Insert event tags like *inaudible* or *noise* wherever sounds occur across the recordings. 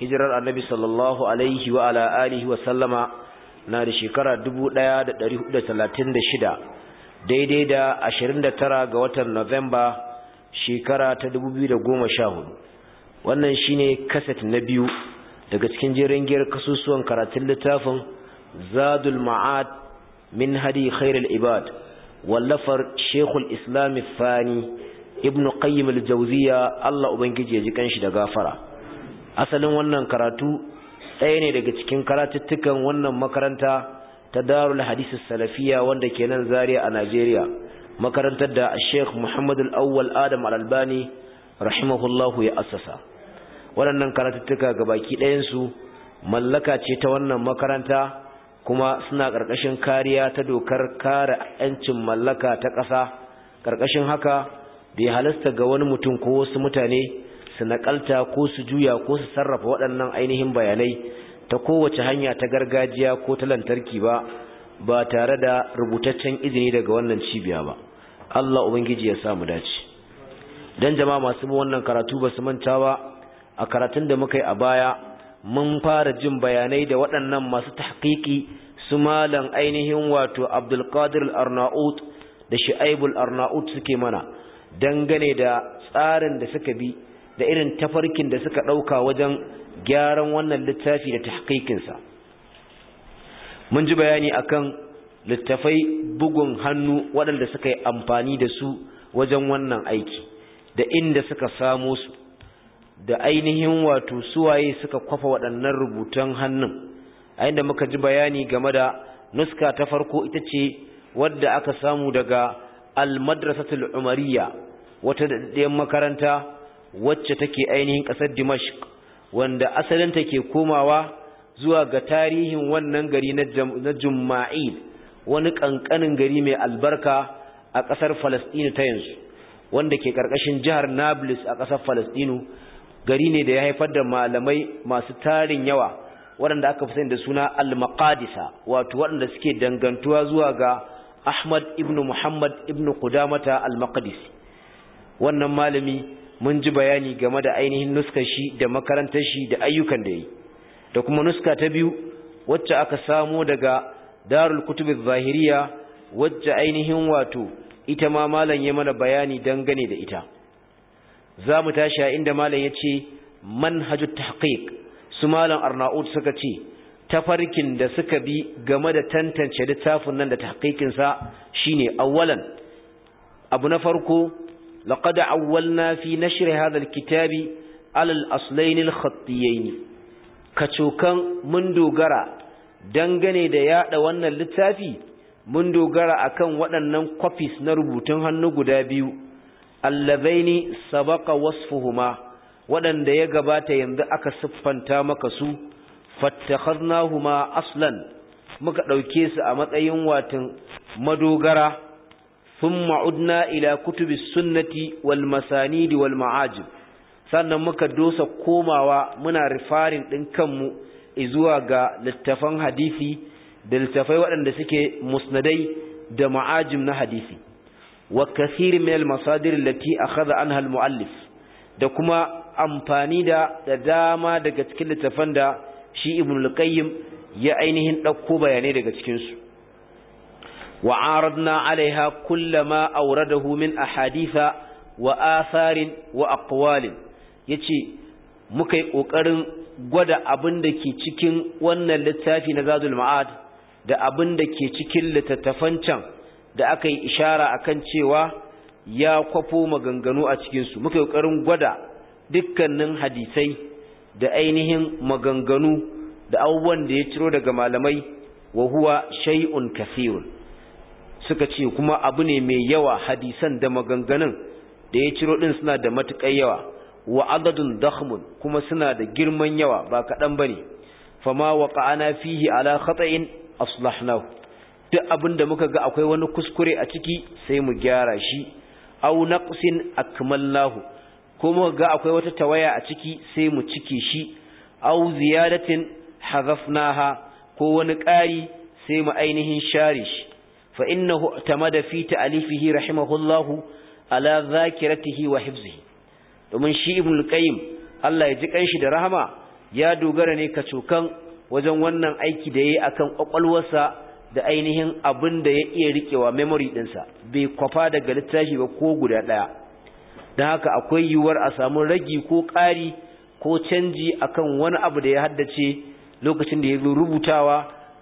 hijirar annabi sallallahu alaihi wa ala alihi wa sallama na da shekara 1436 daidai da 29 ga watan Novemba shekara ta 2014 wannan shine kaset na biyu daga cikin jerin giyar kasusuwan karatun littafin Zadul Ma'ad min hadi khairul ibad wallafar shekul Islam Fani Ibn Qayyim al-Jawziya Allah ubangiji ya ji kanshi da gafara asalin wannan karatu ɗaya ne daga cikin karatuttukan wannan makaranta ta darul hadisi salafiya wanda ke nan Zariya a najeriya makarantar da sheikh muhammadu al'awwal adam al'albani rahimahullahu ya assasa waɗannan karatuttuka ga baki ɗayansu mallaka ce ta wannan makaranta kuma suna ƙarƙashin kariya ta dokar kare 'yancin mallaka ta ƙasa ƙarƙashin haka bai halasta ga wani mutum ko wasu mutane su naƙalta ko su juya ko su sarrafa waɗannan ainihin bayanai ta kowace hanya ta gargajiya ko ta lantarki ba ba tare da rubutaccen izini daga wannan cibiya ba Allah ubangiji ya samu dace dan jama'a masu bin wannan karatu ba su manta ba a karatun da muka yi a baya mun fara jin bayanai da waɗannan masu tahqiqi su malan ainihin wato Abdul Qadir Al-Arnaut da Shu'aib Al-Arnaut suke mana dangane da tsarin da suka bi da irin tafarkin da suka ɗauka wajen gyaran wannan littafi da tahqiqinsa mun ji bayani akan littafai bugun hannu waɗanda suka yi amfani da su wajen wannan aiki da inda suka samo su da ainihin wato suwaye suka kwafa waɗannan rubutan hannun a inda muka ji bayani game da nuska ta farko ita ce wadda aka samu daga al-madrasatul umariya wata ɗayan makaranta wacce take ainihin ƙasar Dimashq wanda asalin take komawa zuwa ga tarihin wannan gari na Jumma'il wani kankanin gari mai albarka a ƙasar Falastinu ta yanzu wanda ke ƙarƙashin jihar Nablus a ƙasar Falastinu gari ne da ya haifar da malamai masu tarin yawa waɗanda aka fi sani da suna al-maqadisa wato waɗanda suke dangantuwa zuwa ga Ahmad ibn Muhammad ibn Qudamata al-Maqdisi wannan malami mun ji bayani game da ainihin nuskar shi da makarantar shi da ayyukan da yi da kuma nuska ta biyu wacce aka samo daga darul kutubin zahiriya wacce ainihin wato ita ma malam ya mana bayani dangane da ita za mu tashi a inda malam ya ce manhajut tahqiq su malam arnaud suka ce tafarkin da suka bi game da tantance littafin nan da tahqiqinsa shine awwalan abu na farko لقد عولنا في نشر هذا الكتاب على الأصلين الخطيين كتوكان mun dogara, dangane da yaɗa wannan littafi mun dogara akan waɗannan kwafis na rubutun hannu guda biyu allazaini sabaqa fuhuma, waɗanda ya gabata yanzu aka siffanta maka su fattakhadnahuma aslan muka ɗauke su a matsayin watin madogara thumma udna ila kutubi sunnati wal masanidi wal ma'ajib sannan muka dosa komawa muna rifarin din kanmu zuwa ga littafan hadisi da littafai waɗanda suke musnadai da ma'ajim na hadisi wa kathir min al masadir allati akhadha anha al muallif da kuma amfani da da dama daga cikin littafan da shi ibn al-qayyim ya ainihin ɗauko bayanai daga cikinsu وعارضنا عليها كل ما أورده من أحاديث وآثار وأقوال يتي مكي أقرن قد أبندك تكين وأن اللتافي نزاد المعاد da abin da ke cikin littattafan can da aka yi ishara a kan cewa ya kwafo maganganu a cikinsu muka yi gwada dukkanin hadisai da ainihin maganganu da abubuwan da ya ciro daga malamai wa shai'un shay'un kasirun suka ce kuma abu ne mai yawa hadisan da maganganun da ya ciro din suna da matukar yawa wa adadun dakhmun kuma suna da girman yawa ba kaɗan ba ne fama wa ƙa'ana fihi ala khata'in aslahnahu duk abin da muka ga akwai wani kuskure a ciki sai mu gyara shi aw naqsin akmalnahu kuma ga akwai wata tawaya a ciki sai mu cike shi aw ziyadatin hazafnaha ko wani ƙari sai mu ainihin share shi فإنه اعتمد في تأليفه رحمه الله على ذاكرته وحفظه domin shi ibn al Allah ya ji shi da rahama ya dogara ne kacokan wajen wannan aiki da yayi akan kwakwalwarsa da ainihin abin da ya iya rikewa memory ɗinsa, bai kwafa daga littafi ba ko guda ɗaya. dan haka akwai yiwuwar a samu ragi ko ƙari ko canji akan wani abu da ya haddace lokacin da ya zo rubutawa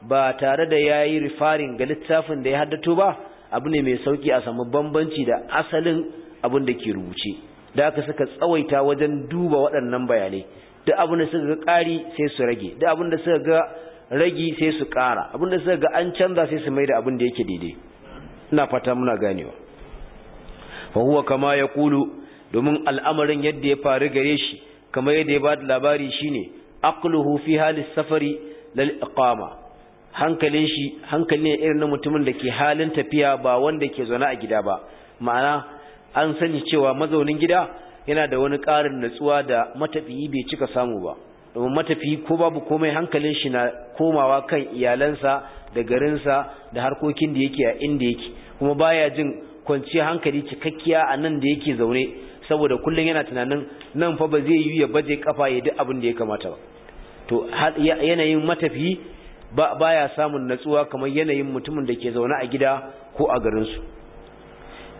ba tare da ya yi rifarin ga littafin da ya haddato ba abu ne mai sauki a samu bambanci da asalin abin da ke rubuce da aka suka tsawaita wajen duba waɗannan bayanai Da abin da suka ga ƙari sai su rage Da abin da suka ga ragi sai su ƙara abin da suka ga an canza sai su mai da abin da yake daidai ina fata muna ganewa fa huwa kama ya kulu domin al'amarin yadda ya faru gare shi kamar yadda ya ba da labari shine aqluhu fi halis safari lal iqama hankalin shi hankali ne irin na mutumin da ke halin tafiya ba wanda ke zaune a gida ba ma'ana an sani cewa mazaunin gida yana da wani ƙarin natsuwa da matafiyi bai cika samu ba domin matafiyi ko babu komai hankalin shi na komawa kan iyalansa da garinsa da harkokin da yake a inda yake kuma baya jin kwanciyar hankali cikakkiya a nan da yake zaune saboda kullum yana tunanin nan fa ba zai yi ya baje kafa ya duk abin da ya kamata ba to yanayin matafiyi ba baya samun natsuwa kamar yanayin mutumin da ke zaune a gida ko a garin su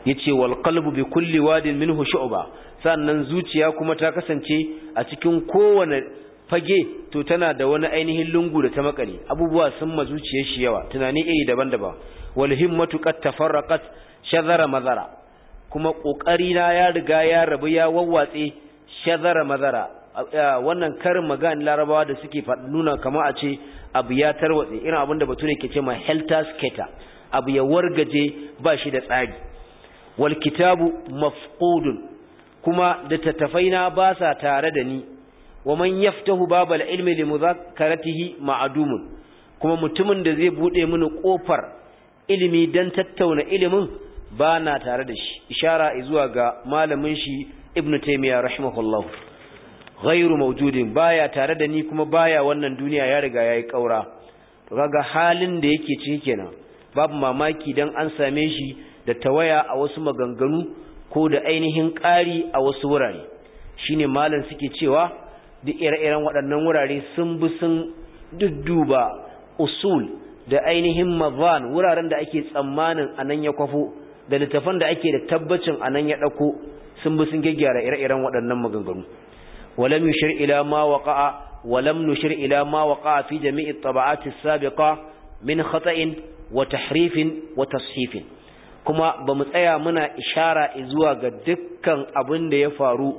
yace wal qalbu bi kulli wadin minhu shu'ba sannan zuciya kuma ta kasance a cikin kowane fage to tana da wani ainihin lungu da ta makale abubuwa sun ma zuciyar shi yawa tunani iri daban-daban wal himmatu qad tafarraqat shadhara madhara kuma kokari na ya riga ya rabu ya wawwatse shadhara madhara wannan karin magan larabawa da suke nuna kama a ce abu ya tarwatse irin abin da bature ke ce ma helter skater abu ya wargaje ba shi da tsari wal kitabu mafqudun kuma da na ba sa tare da ni wa man yaftahu babal ilmi li muzakaratihi ma'adumun kuma mutumin da zai bude mini kofar ilimi dan tattauna ilimin ba na tare da shi ishara zuwa ga malamin shi ibnu taymiya rahimahullahu ghairu mawjudin baya tare da ni kuma baya wannan duniya ya riga yayi kaura to kaga halin da yake ciki kenan babu mamaki dan an same shi da tawaya a wasu maganganu ko da ainihin ƙari a wasu wurare shine malam suke cewa duk ire-iren waɗannan wurare sun bi sun dudduba usul da ainihin mazan wuraren da ake tsammanin anan ya kwafo da littafan da ake da tabbacin anan ya ɗauko sun bi sun gyaggyara ire-iren waɗannan maganganu ولم يشر إلى ما وقع ولم نشر إلى ما وقع في جميع الطبعات السابقة من خطأ وتحريف وتصحيف كما بمتأيا منا إشارة إزواغ دكا أبن يفارو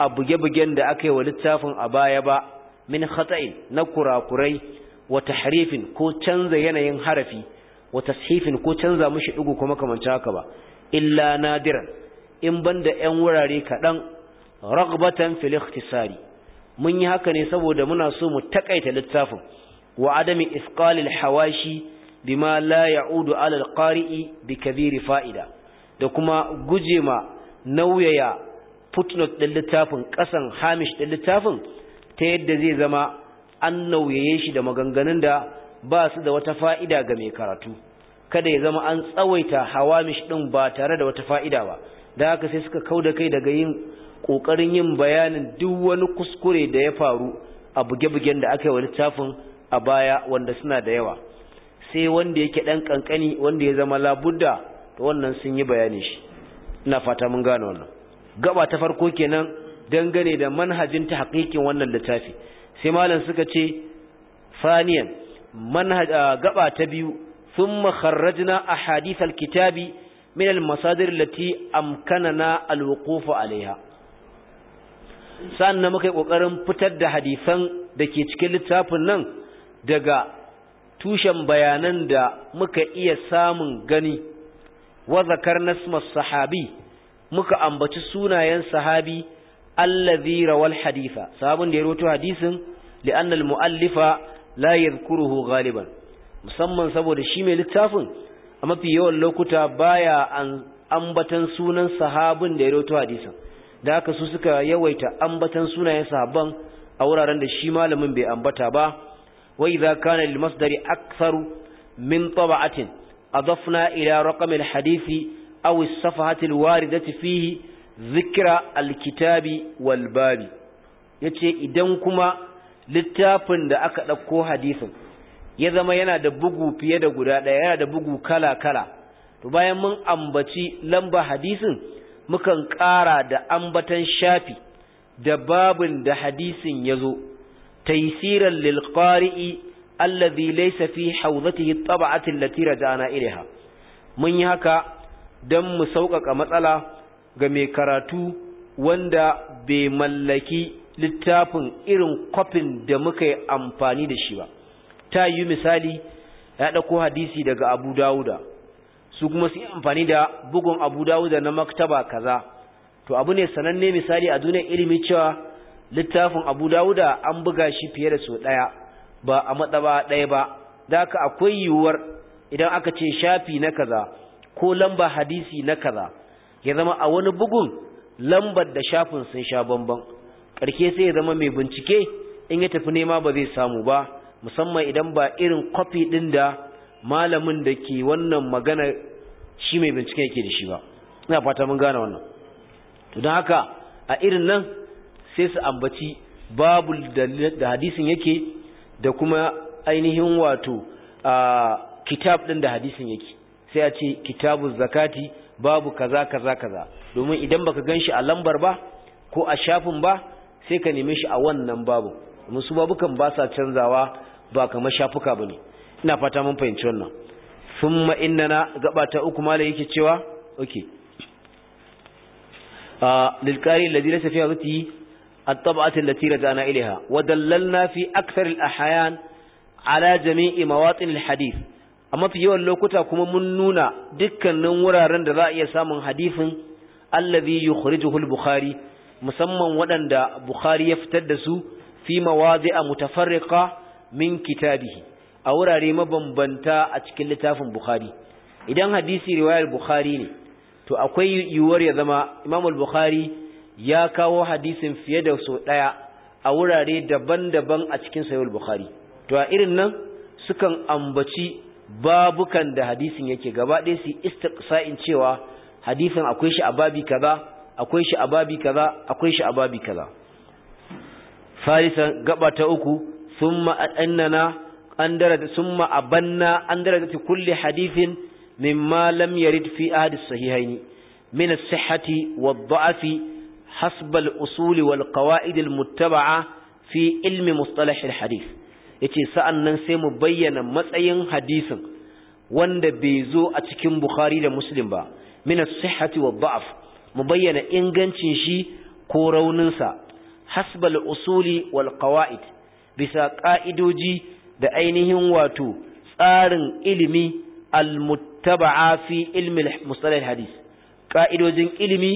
أبجبجن دا أكي ولتافا أبايبا من خطأ نكرا كري وتحريف كو تنزا ينين حرفي وتصحيف كو تنزا مش إقو كما كما تاكبا إلا نادرا إن بند أن وراري كدن ragbatan fil ikhtisari mun yi haka ne saboda muna so mu takaita littafin wa adami isqalil hawashi bima la ya'udu ala alqari'i bi kabiri fa'ida da kuma guje ma nauyaya footnote din littafin kasan hamish din littafin ta yadda zai zama an nauyaye shi da maganganun da ba su da wata fa'ida ga mai karatu kada ya zama an tsawaita hawamish din ba tare da wata fa'ida ba da haka sai suka kauda kai daga yin ƙoƙarin yin bayanin duk wani kuskure da ya faru a buge-bugen da aka yi wa littafin a baya wanda suna da yawa sai wanda yake ɗan ƙanƙani wanda ya zama labudda da wannan sun yi bayani shi ina fata mun gane wannan gaba ta farko kenan dangane da manhajin ta haƙiƙin wannan littafi sai malam suka ce faniyan manhaj ah, gaba ta biyu thumma kharrajna ahadith alkitabi min almasadir allati amkanana alwuquf alaiha sannan muka yi ƙoƙarin fitar da hadisan da ke cikin littafin nan daga tushen bayanan da muka iya samun gani wa zakar nasmas sahabi muka ambaci sunayen sahabi allazi rawal hadifa sabon da ya roto hadisin li'anna al-mu'allifa la yadhkuruhu ghaliban musamman saboda shi mai littafin a mafi yawan lokuta baya an ambatan sunan sahabin da ya roto hadisin da aka su suka yawaita ambatan sunayen sahabban a wuraren da shi malamin bai ambata ba wa idza kana lil masdari aktharu min tab'atin adafna ila raqam al hadisi aw al safahati al waridati fihi dhikra al kitabi wal babi yace idan kuma littafin da aka dauko hadisin ya zama yana da bugu fiye da guda daya yana da bugu kala kala to bayan mun ambaci lamba hadisin mukan ƙara da ambatan shafi da babin da hadisin ya zo taysiran lil qari'i alladhi laysa fi hawdatihi at-tab'ati allati raja'na ilaiha mun yi haka dan mu sauƙaƙa matsala ga mai karatu wanda bai mallaki littafin irin kwafin da muka yi amfani da shi ba ta yi misali ya ɗako hadisi daga abu dawuda su kuma su yi amfani da bugun abu dawuda na maktaba kaza to abu ne sananne misali a duniyar ilimi cewa littafin abu dawuda an buga shi fiye da su ɗaya ba a matsaba ɗaya ba da haka akwai yiwuwar idan aka ce shafi na kaza ko lamba hadisi na kaza ya zama a wani bugun lambar da shafin sun sha bambam. ƙarke sai ya zama mai bincike in ya tafi nema ba zai samu ba musamman idan ba irin kwafi ɗin da malamin da ke wannan magana shi mai binciken yake da shi ba ina fata mun gane wannan to don haka a irin nan sai su ambaci babu da hadisin yake da kuma ainihin wato a kitab din da hadisin yake sai a ce kitabu zakati babu kaza kaza kaza domin idan baka shi a lambar ba ko a shafin ba sai ka neme shi a wannan babu musu babukan ba sa canzawa ba kamar shafuka ba ne. ina fata mun fahimci wannan thumma innana gaba ta uku mala yake cewa okay lil qari alladhi laysa fiha ruti at-tab'at allati raja'na ilaiha wa na fi akthar al ala jami'i mawatsin al A mafi yawan lokuta kuma mun nuna dukkanin wuraren da za a iya samun hadifin allazi yukhrijuhu al-bukhari musamman waɗanda bukhari ya fitar da su fi mawadi'a mutafarriqa min kitabihi a wurare mabambanta a cikin littafin bukhari idan hadisi riwayar bukhari ne to akwai yiwuwar ya zama imamul bukhari ya kawo hadisin fiye da so ɗaya a wurare daban-daban a cikin sayul bukhari to a irin nan sukan ambaci babukan da hadisin yake gaba ɗaya su istiqsa'in cewa hadisin akwai shi a babi kaza akwai shi a babi kaza akwai shi a babi kaza falisan gaba ta uku thumma annana an darata summa banna an darata kulli hadithin mimma lam yarid fi ahad as min as-sihhati wa dafi hasb al-usul wal-qawa'id al-muttaba'a fi ilmi mustalah al-hadith yace sa'annan sai mu bayyana matsayin hadisin wanda bai zo a cikin Bukhari da Muslim ba min as-sihhati wa daf mu bayyana ingancin shi ko rauninsa hasbal usuli wal qawaid bisa ka'idoji da ainihin wato tsarin ilimi al-muttaba'a fi ilmi mustalah hadis ka'idojin ilimi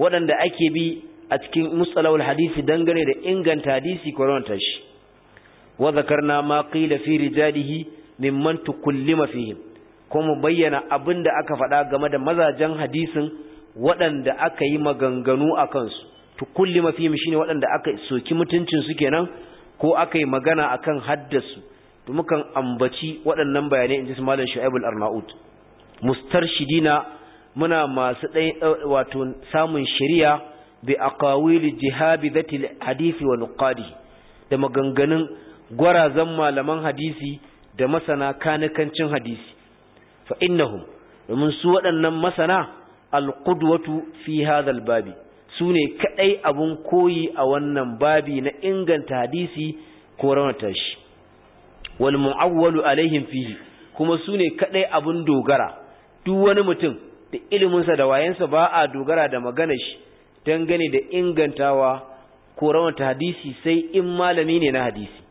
waɗanda ake bi a cikin mustalahul hadisi dangane da inganta hadisi ko shi wa zakarna ma qila fi rijalihi mimman tukullima fihim kuma bayyana abinda aka faɗa game da mazajen hadisin waɗanda aka yi maganganu a kansu tukullima fihim shine waɗanda aka soki mutuncin su kenan ko aka yi magana akan haddasu to mukan ambaci waɗannan bayanai in ji su malam shu'aib al-arnaud mustarshidina muna masu dai wato samun shari'a bi aqawil jihabi dhati hadisi wa nuqadi da maganganun gwarazan malaman hadisi da masana kanikancin hadisi fa innahum domin su waɗannan masana al qudwatu fi hadha babi su ne kaɗai abun koyi a wannan babi na inganta hadisi ko rawata shi wal mu'awwalu alaihim fihi kuma su ne kadai abun dogara duk wani mutum da iliminsa da wayansa ba a dogara da magana shi gane da ingantawa ko rawanta hadisi sai in malami ne na hadisi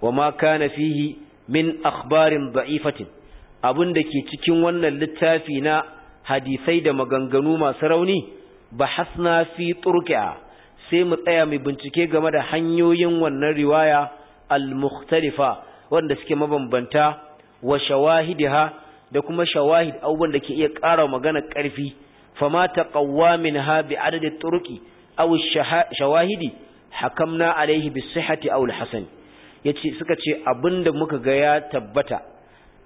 wa ma kana fihi min akhbarin da'ifatin abin da ke cikin wannan littafi na hadisai da maganganu masu rauni ba hasna fi turkiya sai mu tsaya mai bincike game da hanyoyin wannan riwaya al-mukhtalifa wanda suke mabambanta wa shawahidha da kuma shawahid abubuwan da ke iya ƙara magana ƙarfi fama min ha bi adadi turuqi aw shawahidi hakamna alaihi bi sihhati aw al-hasan yace suka ce abinda muka ga ya tabbata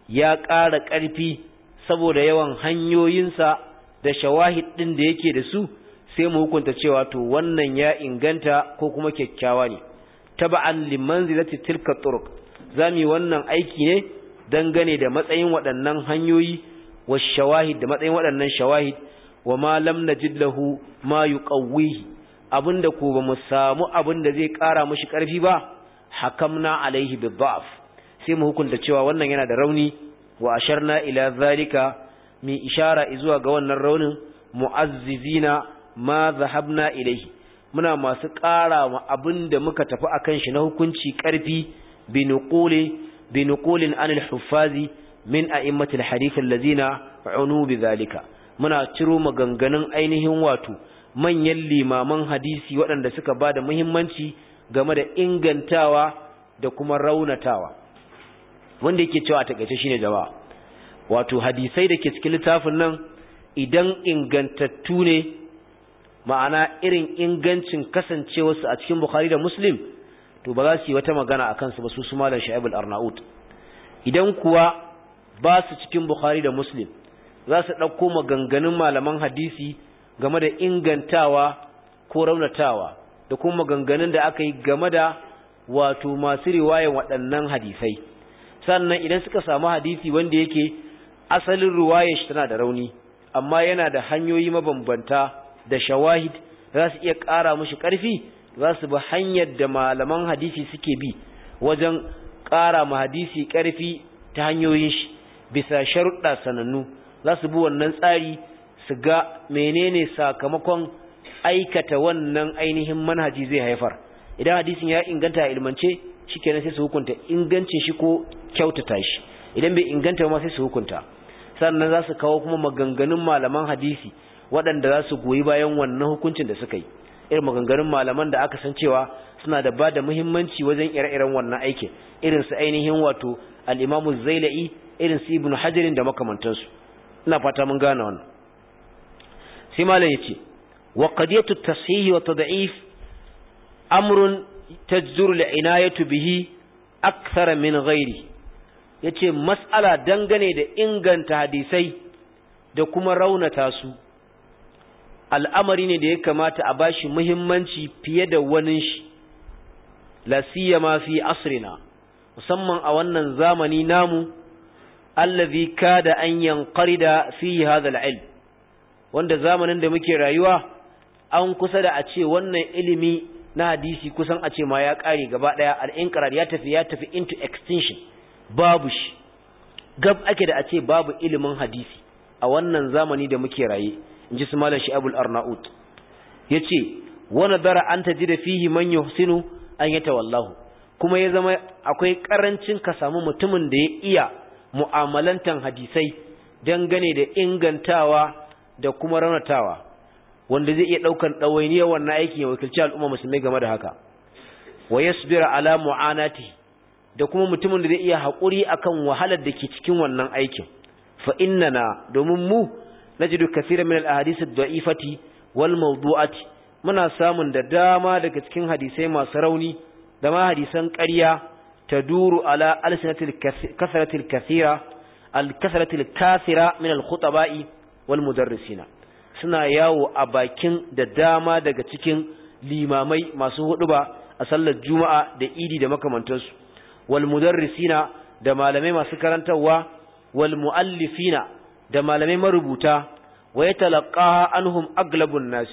ya ƙara ƙarfi saboda yawan hanyoyinsa da shawahid din da yake da su sai mu hukunta cewa to wannan ya inganta ko kuma kyakkyawa ne taba'an limanzilati tilka turuq zami wannan aiki ne dangane da matsayin waɗannan hanyoyi wa shawahid da matsayin waɗannan shawahid wa malam lam najid lahu ma yuqawwihi abinda ko ba mu samu abinda zai ƙara mishi ƙarfi ba hakamna alaihi bi sai mu hukunta cewa wannan yana da rauni wa asharna ila zalika mi ishara zuwa ga wannan raunin mu'azzizina ma zahabna ilaihi muna masu ƙara ma abin da muka tafi a kan shi na hukunci ƙarfi bi nuqulin anil huffazi min a'immatil lazina a unu bi zalika muna ciro maganganun ainihin wato manyan limaman hadisi waɗanda suka ba da muhimmanci game da ingantawa da kuma raunatawa wanda yake cewa a shi shine jama'a wato hadisai da ke cikin littafin nan idan ingantattu ne ma'ana irin ingancin kasancewarsu a cikin bukhari da muslim to ba za su yi wata magana a kansu ba su su malam sha'ib al-arnaut idan kuwa ba su cikin bukhari da muslim za su ɗauko maganganun malaman hadisi game da ingantawa ko raunatawa da kuma maganganun da aka yi game da wato masu riwayan waɗannan hadisai sannan idan suka samu hadisi wanda yake asalin riwayar shi tana da rauni amma yana da hanyoyi mabambanta da shawahid za su iya ƙara mushi ƙarfi za su bi hanyar da malaman hadisi suke bi wajen ƙara ma hadisi ƙarfi ta hanyoyin shi bisa sharuɗa sanannu za su bi wannan tsari su ga menene sakamakon aikata wannan ainihin manhaji zai haifar idan hadisin ya inganta ilmance shikenan sai su hukunta ingancin shi ko kyautata shi idan bai inganta ma sai su hukunta sannan za su kawo kuma maganganun malaman hadisi waɗanda za su goyi bayan wannan hukuncin da suka yi irin maganganun malaman da aka san cewa suna da ba da muhimmanci wajen ire-iren wannan aikin irin su ainihin wato al’imamu Zaila'i irin su Ibn hajjirin da makamantansu ina fata mun gane wannan sai malam yace wa qadiyatu tashihi wa tad'if amrun tajzuru ina inayatu bihi akthar min ghairi yace mas'ala dangane da inganta hadisai da kuma raunata su al'amari ne da ya kamata a bashi muhimmanci fiye da wani shi la siyama fi asrina musamman a wannan zamani namu allazi da an yanqarida fi hadha al wanda zamanin da muke rayuwa an kusa da a ce wannan ilimi na hadisi kusan a ce ma ya kare gaba daya al ya tafi ya tafi into extinction babu shi gab ake da a ce babu ilimin hadisi a wannan zamani da muke raye in ji su malam shi abul arnaut ya ce wani dara an ta ji da fihi man yuhsinu an yata Wallahu, kuma ya zama akwai karancin ka samu mutumin da ya iya mu'amalantan hadisai dangane da ingantawa da kuma ranatawa, wanda zai iya daukan ɗawainiyar wannan aiki ya wakilci al'umma musulmai game da haka wa yasbira ala mu'anati da kuma mutumin da zai iya haƙuri akan wahalar da ke cikin wannan aikin fa na domin mu najidu kaseeran min al-ahadith ad-da'ifati wal mawdu'ati muna samun da dama daga cikin hadisai masu rauni da ma hadisan ƙarya taduru ala alsinatil kasratil kaseera al-kasratil kasira min al-khutaba'i wal mudarrisina suna yawo a bakin da dama daga cikin limamai masu huduba a sallar juma'a da idi da makamantansu wal mudarrisina da malamai masu karantarwa wal muallifina da malamai marubuta wa ya talaqaha anhum aglabun nas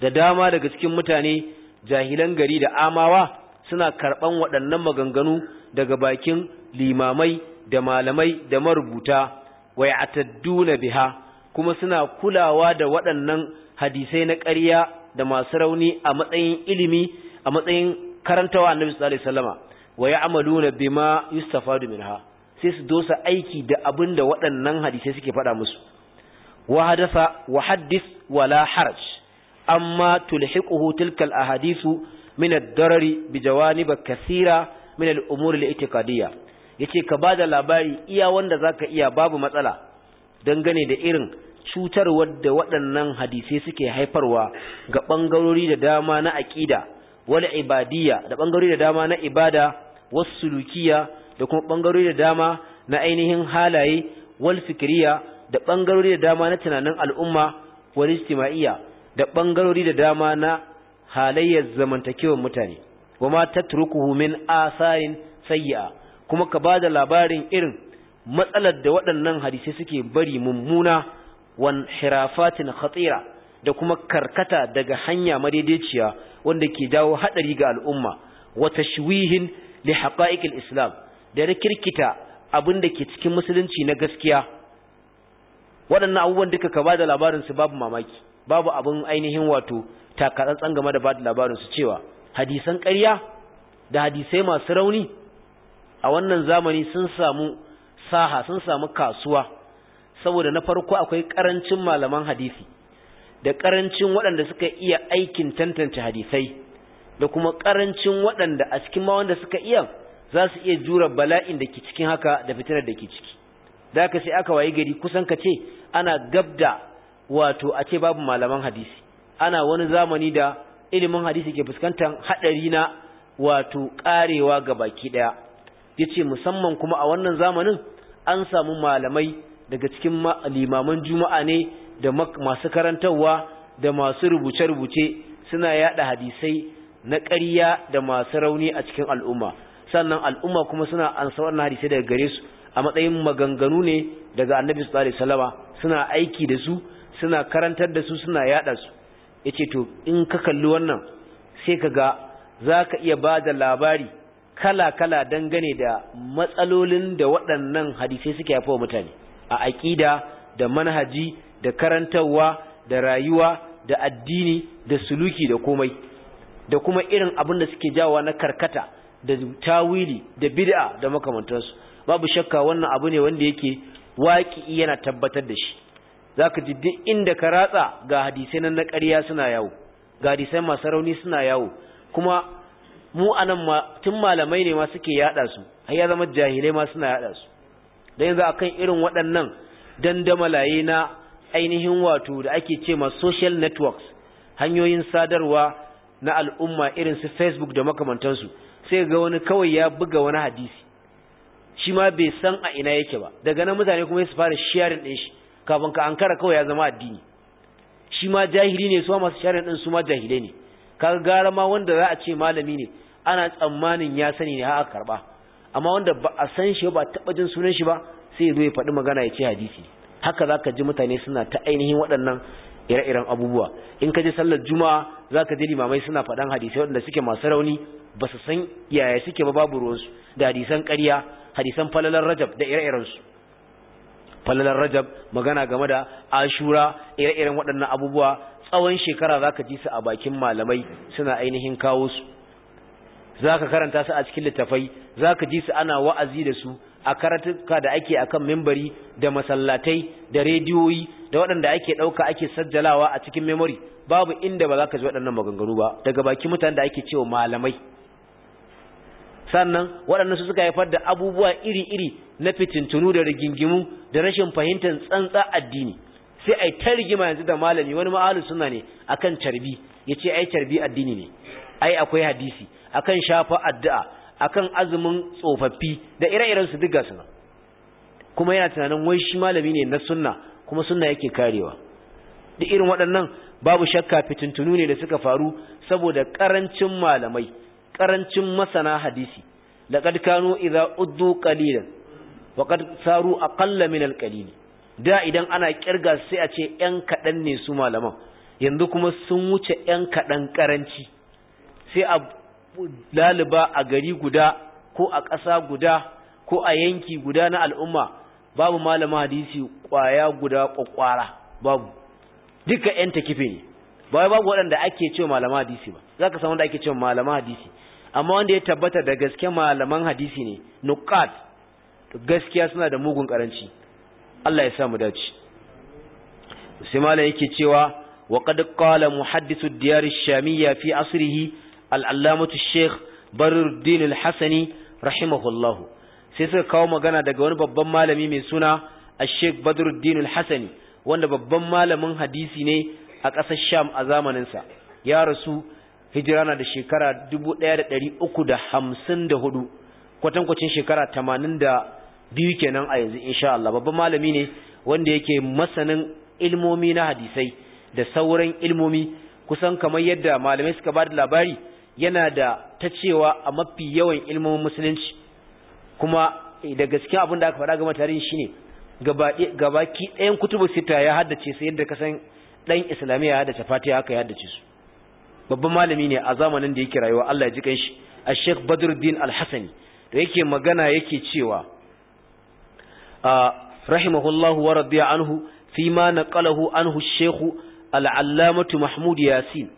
da dama daga cikin mutane jahilan gari da amawa suna karɓan waɗannan maganganu daga bakin limamai da malamai da marubuta wa ya'tadduna biha kuma suna kulawa da waɗannan hadisai na ƙarya da masu rauni a matsayin ilimi a matsayin karantawa annabi sallallahu alaihi wasallama wa ya'maluna bima yustafadu minha sai su dosa aiki da abin da waɗannan hadisai suke faɗa musu wa wahaddis wa haddith wala haraj amma tulhiquhu tilka al ahadithu min ad-darari bi jawanib kathira min al-umur al-i'tiqadiyya yace ka bada labari iya wanda zaka iya babu matsala dangane da irin cutarwar da waɗannan hadisai suke haifarwa ga bangarori da dama na aqida wal ibadiyya da bangarori da dama na ibada was sulukiya da kuma bangarori da dama na ainihin halaye wal da ɓangarori da dama na tunanin al'umma wal da bangarori da dama na halayyar zamantakewar mutane wama tatrukuhu min asarin sayya'a, kuma ka ba da labarin irin matsalar da waɗannan hadisai suke bari mummuna wan hirafatin khatira da kuma karkata daga hanya madaidaiciya wanda ke jawo hadari ga al'umma wa tashwihin li haqa'iqil islam da kirkita abin da ke cikin musulunci na gaskiya waɗannan abubuwan duka ka ba da labarinsu babu mamaki babu abin ainihin wato takatsantsan game da ba da labarinsu cewa hadisan ƙarya da hadisai masu rauni a wannan zamani sun samu saha sun samu kasuwa saboda na farko akwai ƙarancin malaman hadisi da ƙarancin waɗanda suka iya aikin tantance hadisai da kuma ƙarancin waɗanda a cikin ma wanda suka iya za su iya jura bala'in da ke cikin haka da fitilar da ke ciki da ka sai aka waye gari kusan ka ce ana gabda wato a ce babu malaman hadisi ana wani zamani da ilimin hadisi ke fuskantar haɗari na wato ƙarewa ga baki ɗaya ya ce musamman kuma a wannan zamanin an samu malamai daga cikin limaman juma'a ne da masu karantarwa da masu rubuce-rubuce suna yada hadisai na ƙarya da masu rauni a cikin al'umma sannan al'umma kuma suna ansa wannan hadisi daga gare su a matsayin maganganu ne daga annabi sallallahu alaihi salama, suna aiki da su suna karantar da su suna yada su yace to in ka kalli wannan sai ka ga za ka iya bada labari kala kala dangane da matsalolin da waɗannan hadisai suke haifawa mutane a aqida da manhaji da karantarwa da rayuwa da addini da suluki da komai da kuma irin abin da suke jawa na karkata da tawili da bid'a da makamantansu babu shakka wannan abu ne wanda yake waki yana tabbatar da shi zaka ji duk inda ka ratsa ga hadisai nan na ƙarya suna yawo ga hadisai masu rauni suna yawo kuma mu anan ma tun malamai ne ma suke yada su har ya zama jahilai ma suna yada su dan yanzu akan irin waɗannan dandamalaye na ainihin wato da ake ce ma social networks hanyoyin sadarwa na al'umma irin su Facebook da makamantansu sai ga wani kawai ya buga wani hadisi shi ma bai san a ina yake ba daga nan mutane kuma su fara sharing din shi kafin ka ankara kawai ya zama addini shi ma jahili ne su masu sharing din su ma jahilai ne kaga gara ma wanda za a ce malami ne ana tsammanin ya sani ne a karba amma wanda ba a san shi ba taba jin sunan shi ba sai ya zo ya faɗi magana ya ce hadisi haka zaka ji mutane suna ta ainihin waɗannan ire-iren abubuwa in ka je sallar juma'a za ka je limamai suna faɗan hadisai waɗanda suke masu rauni ba su san yaya suke ba babu ruwansu da hadisan ƙarya hadisan falalar rajab da ire-irensu falalar rajab magana game da ashura ire-iren waɗannan abubuwa tsawon shekara za ka ji su a bakin malamai suna ainihin kawo su za ka karanta su a cikin littafai za ka ji su ana wa'azi da su a karatuka da ake akan membari da masallatai da rediyoyi da waɗanda ake ɗauka ake sajjalawa a cikin memory babu inda ba za ka ji waɗannan maganganu ba daga baki mutanen da ake cewa malamai sannan waɗannan su suka haifar da abubuwa iri-iri na fitintunu da rigingimu da rashin fahimtar tsantsa addini sai ai ta rigima yanzu da malami wani ma'alu suna ne akan carbi ya ce ai carbi addini ne ai akwai hadisi akan shafa addu'a akan azumin tsofaffi da ire-iren su duk gasu kuma yana tunanin wai shi malami ne na sunna kuma sunna yake karewa duk irin waɗannan babu shakka fitintunu ne da suka faru saboda karancin malamai karancin masana hadisi laqad kanu idza uddu qalilan wa qad saru aqalla min da idan ana kirga sai a ce yan kadan ne su malaman yanzu kuma sun wuce yan kadan karanci sai a laliba a gari guda ko a ƙasa guda ko a yanki guda na al'umma babu malama hadisi ƙwaya guda kwakwara babu duka ‘yan takife ne ba wai babu waɗanda ake ce malama hadisi ba za ka samu wanda ake ce malama hadisi amma wanda ya tabbata da gaske malaman hadisi ne nukat gaskiya suna da mugun karanci Allah ya sa mu dace sai malam yake cewa wa qad qala muhaddithu diyar ash-shamiyya fi asrihi al'allamatu sheikh baruddin al-hassani rahimahullahu sai suka kawo magana daga wani babban malami mai suna a sheikh badruddin al-hassani wanda babban malamin hadisi ne a ƙasar sham a zamaninsa ya rasu hijira na da shekara 1354 kwatankwacin shekara 82 kenan a yanzu insha Allah babban malami ne wanda yake masanin ilmomi na hadisai da sauran ilmomi kusan kamar yadda malamai suka ba da labari yana da ta cewa a mafi yawan ilmin musulunci kuma eh, da gaske abin da aka faɗa game tarihin shine gabaki ɗayan kutubu sita ya haddace su yadda kasan ɗan islamiyya ya haddace fatiha haka ya haddace su babban malami ne a zamanin da yake rayuwa Allah ya ji kanshi a sheikh badruddin al-hasani da yake magana yake cewa rahimahullahu wa radiya anhu fi ma naqalahu anhu sheikh al-allamatu mahmud yasin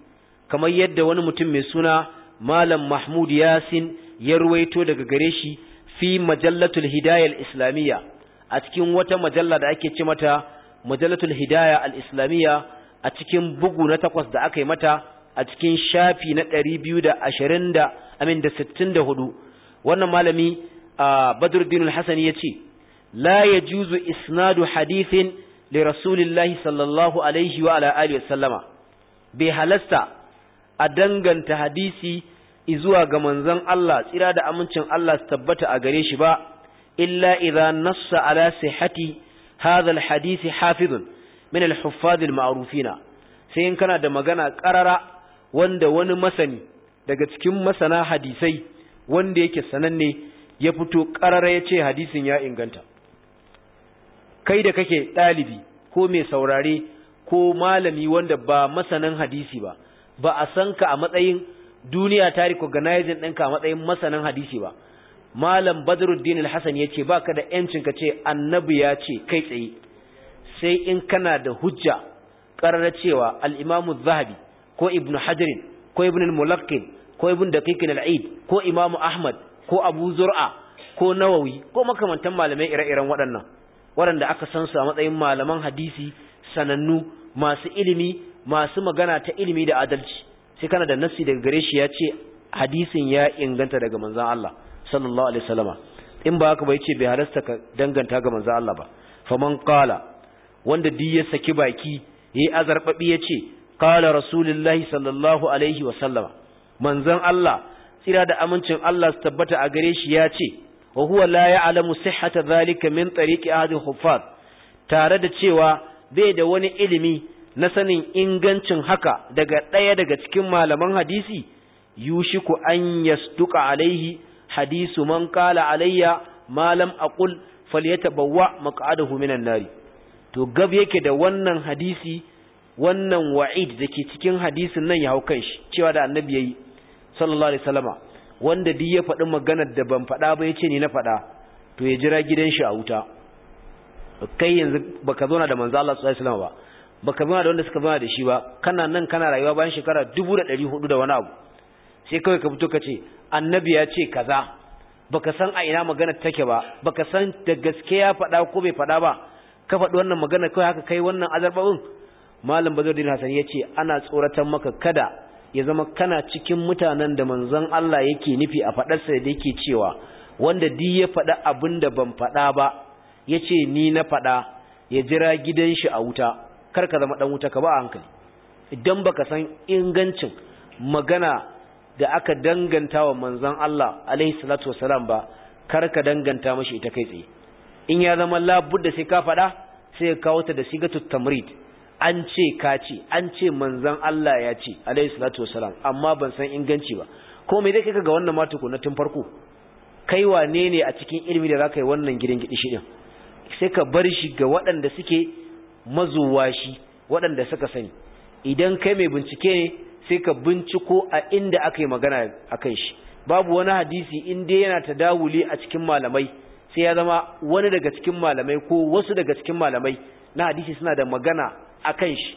kamar yadda wani mutum mai suna malam mahmud yasin ya ruwaito daga gare shi fi majallatul hidaya al-islamiyya a cikin wata majalla da ake ce mata majallatul hidaya al-islamiyya a cikin bugu na takwas da aka yi mata a cikin shafi na ɗari biyu da ashirin da amin da sittin da hudu wannan malami a badruddin al-hasan ya ce la ya isnadu hadithin li rasulillahi sallallahu alaihi wa ala alihi wa sallama bai halasta a danganta hadisi izuwa ga manzon Allah tsira da amincin Allah su tabbata a gare shi ba illa idza nassa ala sihhati hadha alhadisi hafiz min alhuffaz alma'rufina sai in kana da magana karara wanda wani masani daga cikin masana hadisai wanda yake sananne ya fito karara ya ce hadisin ya inganta kai da kake ɗalibi ko mai saurare ko malami wanda ba masanin hadisi ba ba a san ka a matsayin duniya ta recognizing ɗinka a matsayin masanin hadisi ba malam badruddin al Hassan ya ce baka da yancin ka ce annabi ya ce kai tsaye sai in kana da hujja ƙarar cewa al zahabi ko ibnu hajarin ko ibnu mulakkin ko Ibn daqiqin al-aid ko imamu ahmad ko abu zur'a ko nawawi ko makamantan malamai ire-iren waɗannan waɗanda aka san su a matsayin malaman hadisi sanannu masu ilimi masu magana ta ilimi da adalci sai kana da nasi daga gare shi ya ce hadisin ya inganta daga manzan Allah sallallahu alaihi wasallama in ba haka ba yace bai harasta ka danganta ga manzan Allah ba faman qala wanda duk ya saki baki yayi azarbabi yace qala rasulullahi sallallahu alaihi wasallama manzan Allah tsira da amincin Allah su tabbata a gare shi ya ce wa huwa la ya'lamu sihhata zalika min tariqi ahadi huffaz tare da cewa bai da wani ilimi na sanin ingancin haka daga ɗaya daga cikin malaman hadisi yushiku an yastuka alaihi hadisu man kala alayya malam aqul falyatabawwa maq'adahu minan nari to gab yake da wannan hadisi wannan wa'id dake cikin hadisin nan ya hau kanshi cewa da annabi yayi sallallahu alaihi wasallama wanda duk ya faɗi maganar da ban faɗa ba yace ni na faɗa to ya jira gidan shi a wuta kai yanzu baka zo na da manzo Allah sallallahu alaihi wasallama ba baka bima da wanda suka bima da shi ba kana nan kana rayuwa bayan shekara dubu da ɗari hudu da wani abu sai kawai ka fito ka ce annabi ya ce kaza baka san a ina magana take ba baka san da gaske ya faɗa ko bai faɗa ba ka faɗi wannan magana kawai haka kai wannan azarbabin malam bazuddin hasan ya ce ana tsoratan maka kada ya zama kana cikin mutanen da manzon Allah yake nufi a faɗarsa da yake cewa wanda di ya faɗa abin da ban faɗa ba ya ce ni na faɗa ya jira gidan shi a wuta kar ka zama dan wuta ka ba hankali idan baka san ingancin magana da aka danganta wa manzon Allah alaihi salatu wasalam ba kar ka danganta mashi ita kai tsaye in ya zama labudda sai ka faɗa sai ka kawo ta da sigatu tamrid an ce ka ce an ce manzon Allah ya ce alaihi salatu wasalam amma ban san inganci ba ko me dai ka ga wannan ma na tun farko kai wane ne a cikin ilimi da zaka yi wannan gidan gidi shi din sai ka bar shi ga waɗanda suke mazuwashi waɗanda suka sani idan kai mai bincike ne sai ka binciko a inda aka yi magana a kan shi babu wani hadisi inda yana ta dawuli a cikin malamai sai ya zama wani daga cikin malamai ko wasu daga cikin malamai na hadisi suna da magana a kan shi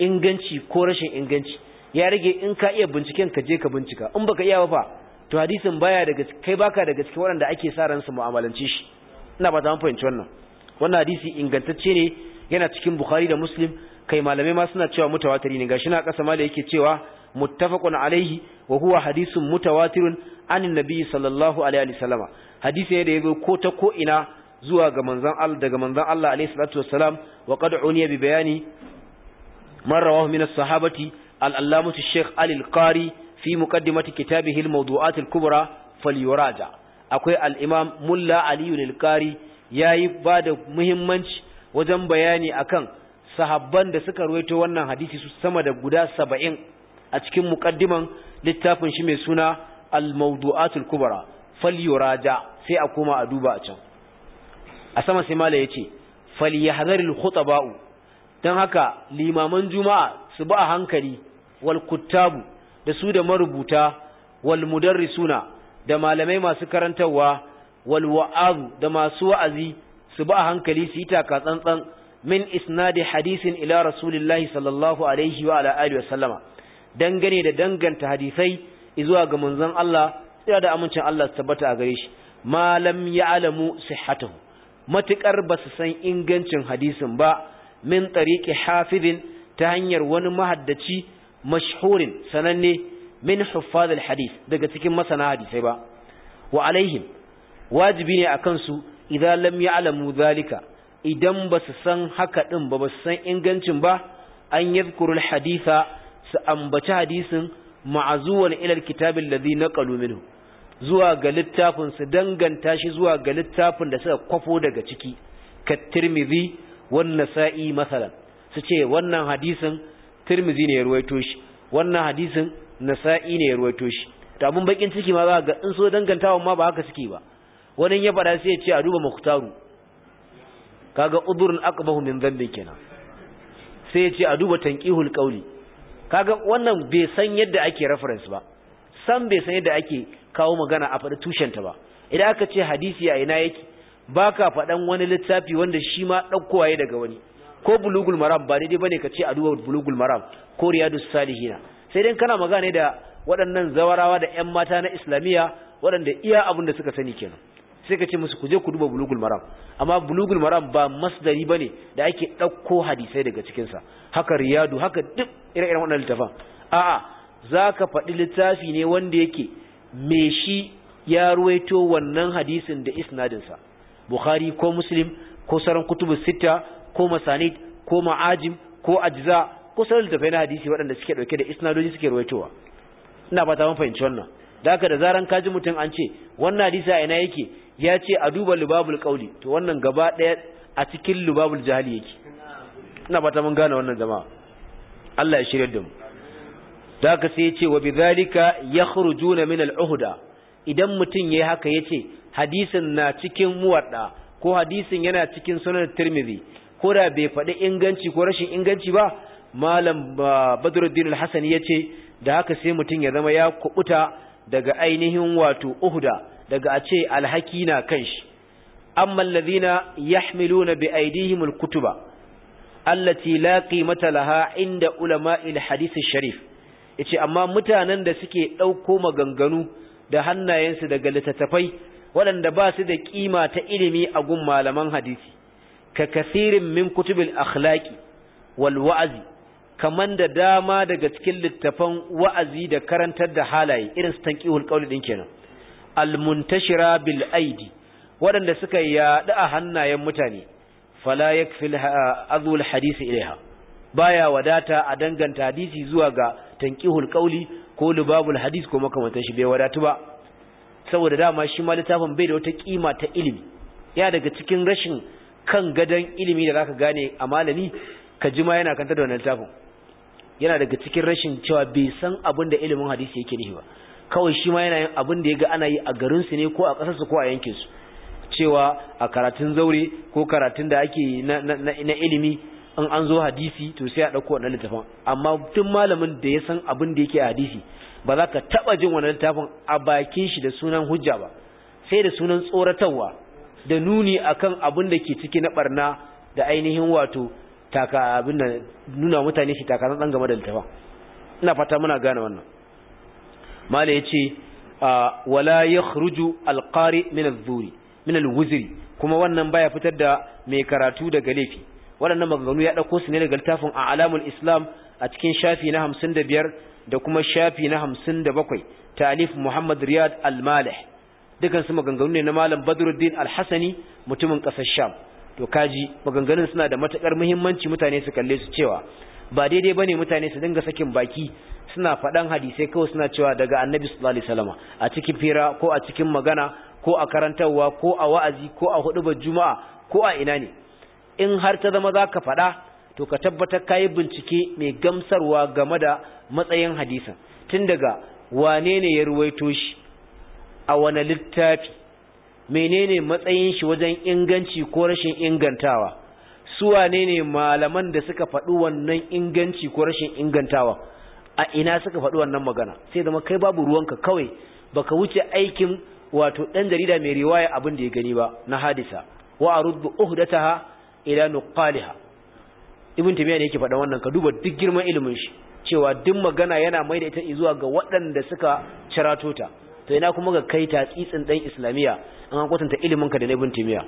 inganci ko rashin inganci ya rage in ka iya binciken ka je ka bincika in baka iya ba to hadisin baya daga kai baka daga cikin waɗanda ake sa ran su mu'amalanci shi ina ba ta fahimci wannan wannan hadisi ingantacce ne yana cikin bukhari da muslim kai malamai ma suna cewa mutawatiri ne gashi na kasa ma da yake cewa muttafaqun alaihi wa huwa hadithun mutawatirun anin nabi sallallahu alaihi wasallama hadisi ne da yazo ko ta ko ina zuwa ga manzon Allah daga manzon Allah alaihi salatu wassalam wa qad uniya bi bayani man min as-sahabati al-allamatu shaykh Ali al-Qari fi muqaddimati kitabihi al-mawdu'at al-kubra falyuraja akwai al-imam mulla Ali al-Qari yayi bada muhimmanci wajen bayani akan sahabban da suka ruwaito wannan hadisi su sama da guda saba'in a cikin muƙaddiman littafin shi mai suna al-mawdu'atul kubra falyuraja sai a koma a duba a can a sama sai mala yace falyahzaril khutaba'u dan haka limaman juma'a su ba a hankali wal kuttabu da su da marubuta wal mudarrisuna da malamai masu karantarwa wal wa'azu da masu wa'azi su ba a hankali su yi taka tsantsan min isnadi hadisin ila rasulillahi sallallahu alaihi wa ala alihi wasallama dangane da danganta hadisai zuwa ga manzon Allah tsira da amincin Allah su tabbata a gare shi malam ya'lamu sihhatahu matukar ba su san ingancin hadisin ba min tariqi hafizin ta hanyar wani mahaddaci mashhurin sananne min huffazil hadis daga cikin masana hadisai ba wa alaihim wajibi ne akan su Idan lam alamu zalika idan ba su san haka ɗin ba su san ingancin ba an yadhkurul haditha su ambaci hadisin ma'azuwan ilar kitabin alladhi naqalu minhu zuwa ga littafin su danganta shi zuwa ga littafin da suka kwafo daga ciki ka tirmidhi wan nasa'i masalan su ce wannan hadisin tirmidhi ne ya ruwaito shi wannan hadisin nasa'i ne ya ruwaito shi to abun bakin ciki ma za ga in so dangantawa ma ba haka suke ba wani ya fada sai ya ce a duba mukhtaru kaga udurun aqbahu min dhanbi kenan sai ya ce a duba tanqihul qawli kaga wannan bai san yadda ake reference ba san bai san yadda ake kawo magana a faɗi ta ba idan aka ce hadisi a ina yake baka faɗan wani littafi wanda shi ma ɗaukowa ya daga wani ko bulugul maram ba daidai bane ka ce a duba bulugul maram ko riyadus salihina sai dai kana magana da waɗannan zawarawa da ƴan mata na islamiyya waɗanda iya abin da suka sani kenan sai ka ce musu ku je ku duba bulugul maram amma bulugul maram ba masdari bane da ake dauko hadisai daga cikin sa haka riyadu haka duk ire-iren wannan littafin a'a zaka faɗi littafi ne wanda yake me shi ya ruwaito wannan hadisin da isnadin sa bukhari ko muslim ko sauran kutubus sita ko masanid ko ma'ajim ko ajza ko sauran littafai na hadisi waɗanda suke dauke da isnadoji suke ruwaitowa ina fata mun fahimci wannan da da zaran kaji mutum an ce wannan hadisi a ina yake ya ce a duba lubabul qauli to wannan gaba daya a cikin lubabul jahili yake ina fata mun gane wannan jama'a Allah ya shirye da mu daga sai ya ce wa bidhalika yakhrujuna min al-uhda idan mutum yayi haka yace hadisin na cikin muwadda ko hadisin yana cikin sunan tirmidhi ko da bai faɗi inganci ko rashin inganci ba malam badruddin al-hasani yace da haka sai mutum ya zama ya kubuta daga ainihin wato uhda daga a ce alhaki na kanshi amma alladhina yahmiluna bi aidihimul kutuba. allati la qimata laha inda ulama'il hadith sharif yace amma mutanen da suke dauko maganganu da hannayensu daga littattafai waɗanda ba su da kima ta ilimi a gun malaman hadisi ka kasirin min kutubil akhlaqi wal wa'azi kaman da dama daga cikin littafan wa'azi da karantar da halaye irin su tanqihul qawli din kenan almuntashira bil aidi waɗanda suka yaɗu a hannayen mutane fala yakfil azul hadisi ilaiha baya wadata a danganta hadisi zuwa ga tanqihul qawli ko lubabul hadis ko makamantan shi bai wadatu ba saboda dama shi ma littafin bai da wata kima ta ilimi ya daga cikin rashin kan gadon ilimi da zaka gane a malami ka ji ma yana kanta da wannan littafin yana daga cikin rashin cewa bai san abin da ilimin hadisi yake nihi ba kawai shi ma yana yin abin da ya ga ana yi a garinsu ne ko a ƙasarsu ko a yankinsu cewa a karatun zaure ko karatun da ake na, ilimi in an zo hadisi to sai a ɗauko wannan littafin amma tun malamin da ya san abin da yake a hadisi ba za ka taɓa jin wannan littafin a bakin shi da sunan hujja ba sai da sunan tsoratarwa da nuni akan abin da ke ciki na barna da ainihin wato taka abin da nuna mutane shi taka zan game da littafin ina fata muna gane wannan mala yace wala yakhruju alqari min adh-dhuri min al-wuzri kuma wannan baya fitar da mai karatu daga laifi Wadannan maganganu ya dauko su ne daga littafin a'lamul islam a cikin shafi na 55 da kuma shafi na 57 talif muhammad riyad al-malih dukan su maganganu ne na malam badruddin al-hasani mutumin kasar sham to kaji maganganun suna da matakar muhimmanci mutane su kalle su cewa ba daidai ne mutane su dinga sakin baki suna faɗan hadisai kawai suna cewa daga annabi sallallahu alaihi wasallam a cikin fira ko a cikin magana ko a karantarwa ko a wa'azi ko a hudubar juma'a ko a ina ne in har ta zama zaka faɗa to ka tabbatar kayi bincike mai gamsarwa game da matsayin hadisin tun daga wane ne ya ruwaito shi a wane littafi menene matsayin shi wajen inganci ko rashin ingantawa su wane ne malaman da suka faɗi wannan inganci ko rashin ingantawa a ina suka faɗi wannan magana sai zama kai babu ruwanka kawai baka wuce aikin wato ɗan jarida mai riwaya abin da ya gani ba na hadisa wa aruddu uhdataha ila nuqaliha ibn taymiya ne yake faɗa wannan ka duba duk girman ilimin shi cewa duk magana yana mai da ita zuwa ga waɗanda suka cirato ta to ina kuma ga kai ta tsitsin dan islamiya an kwatanta ilimin ka da na ibn timiya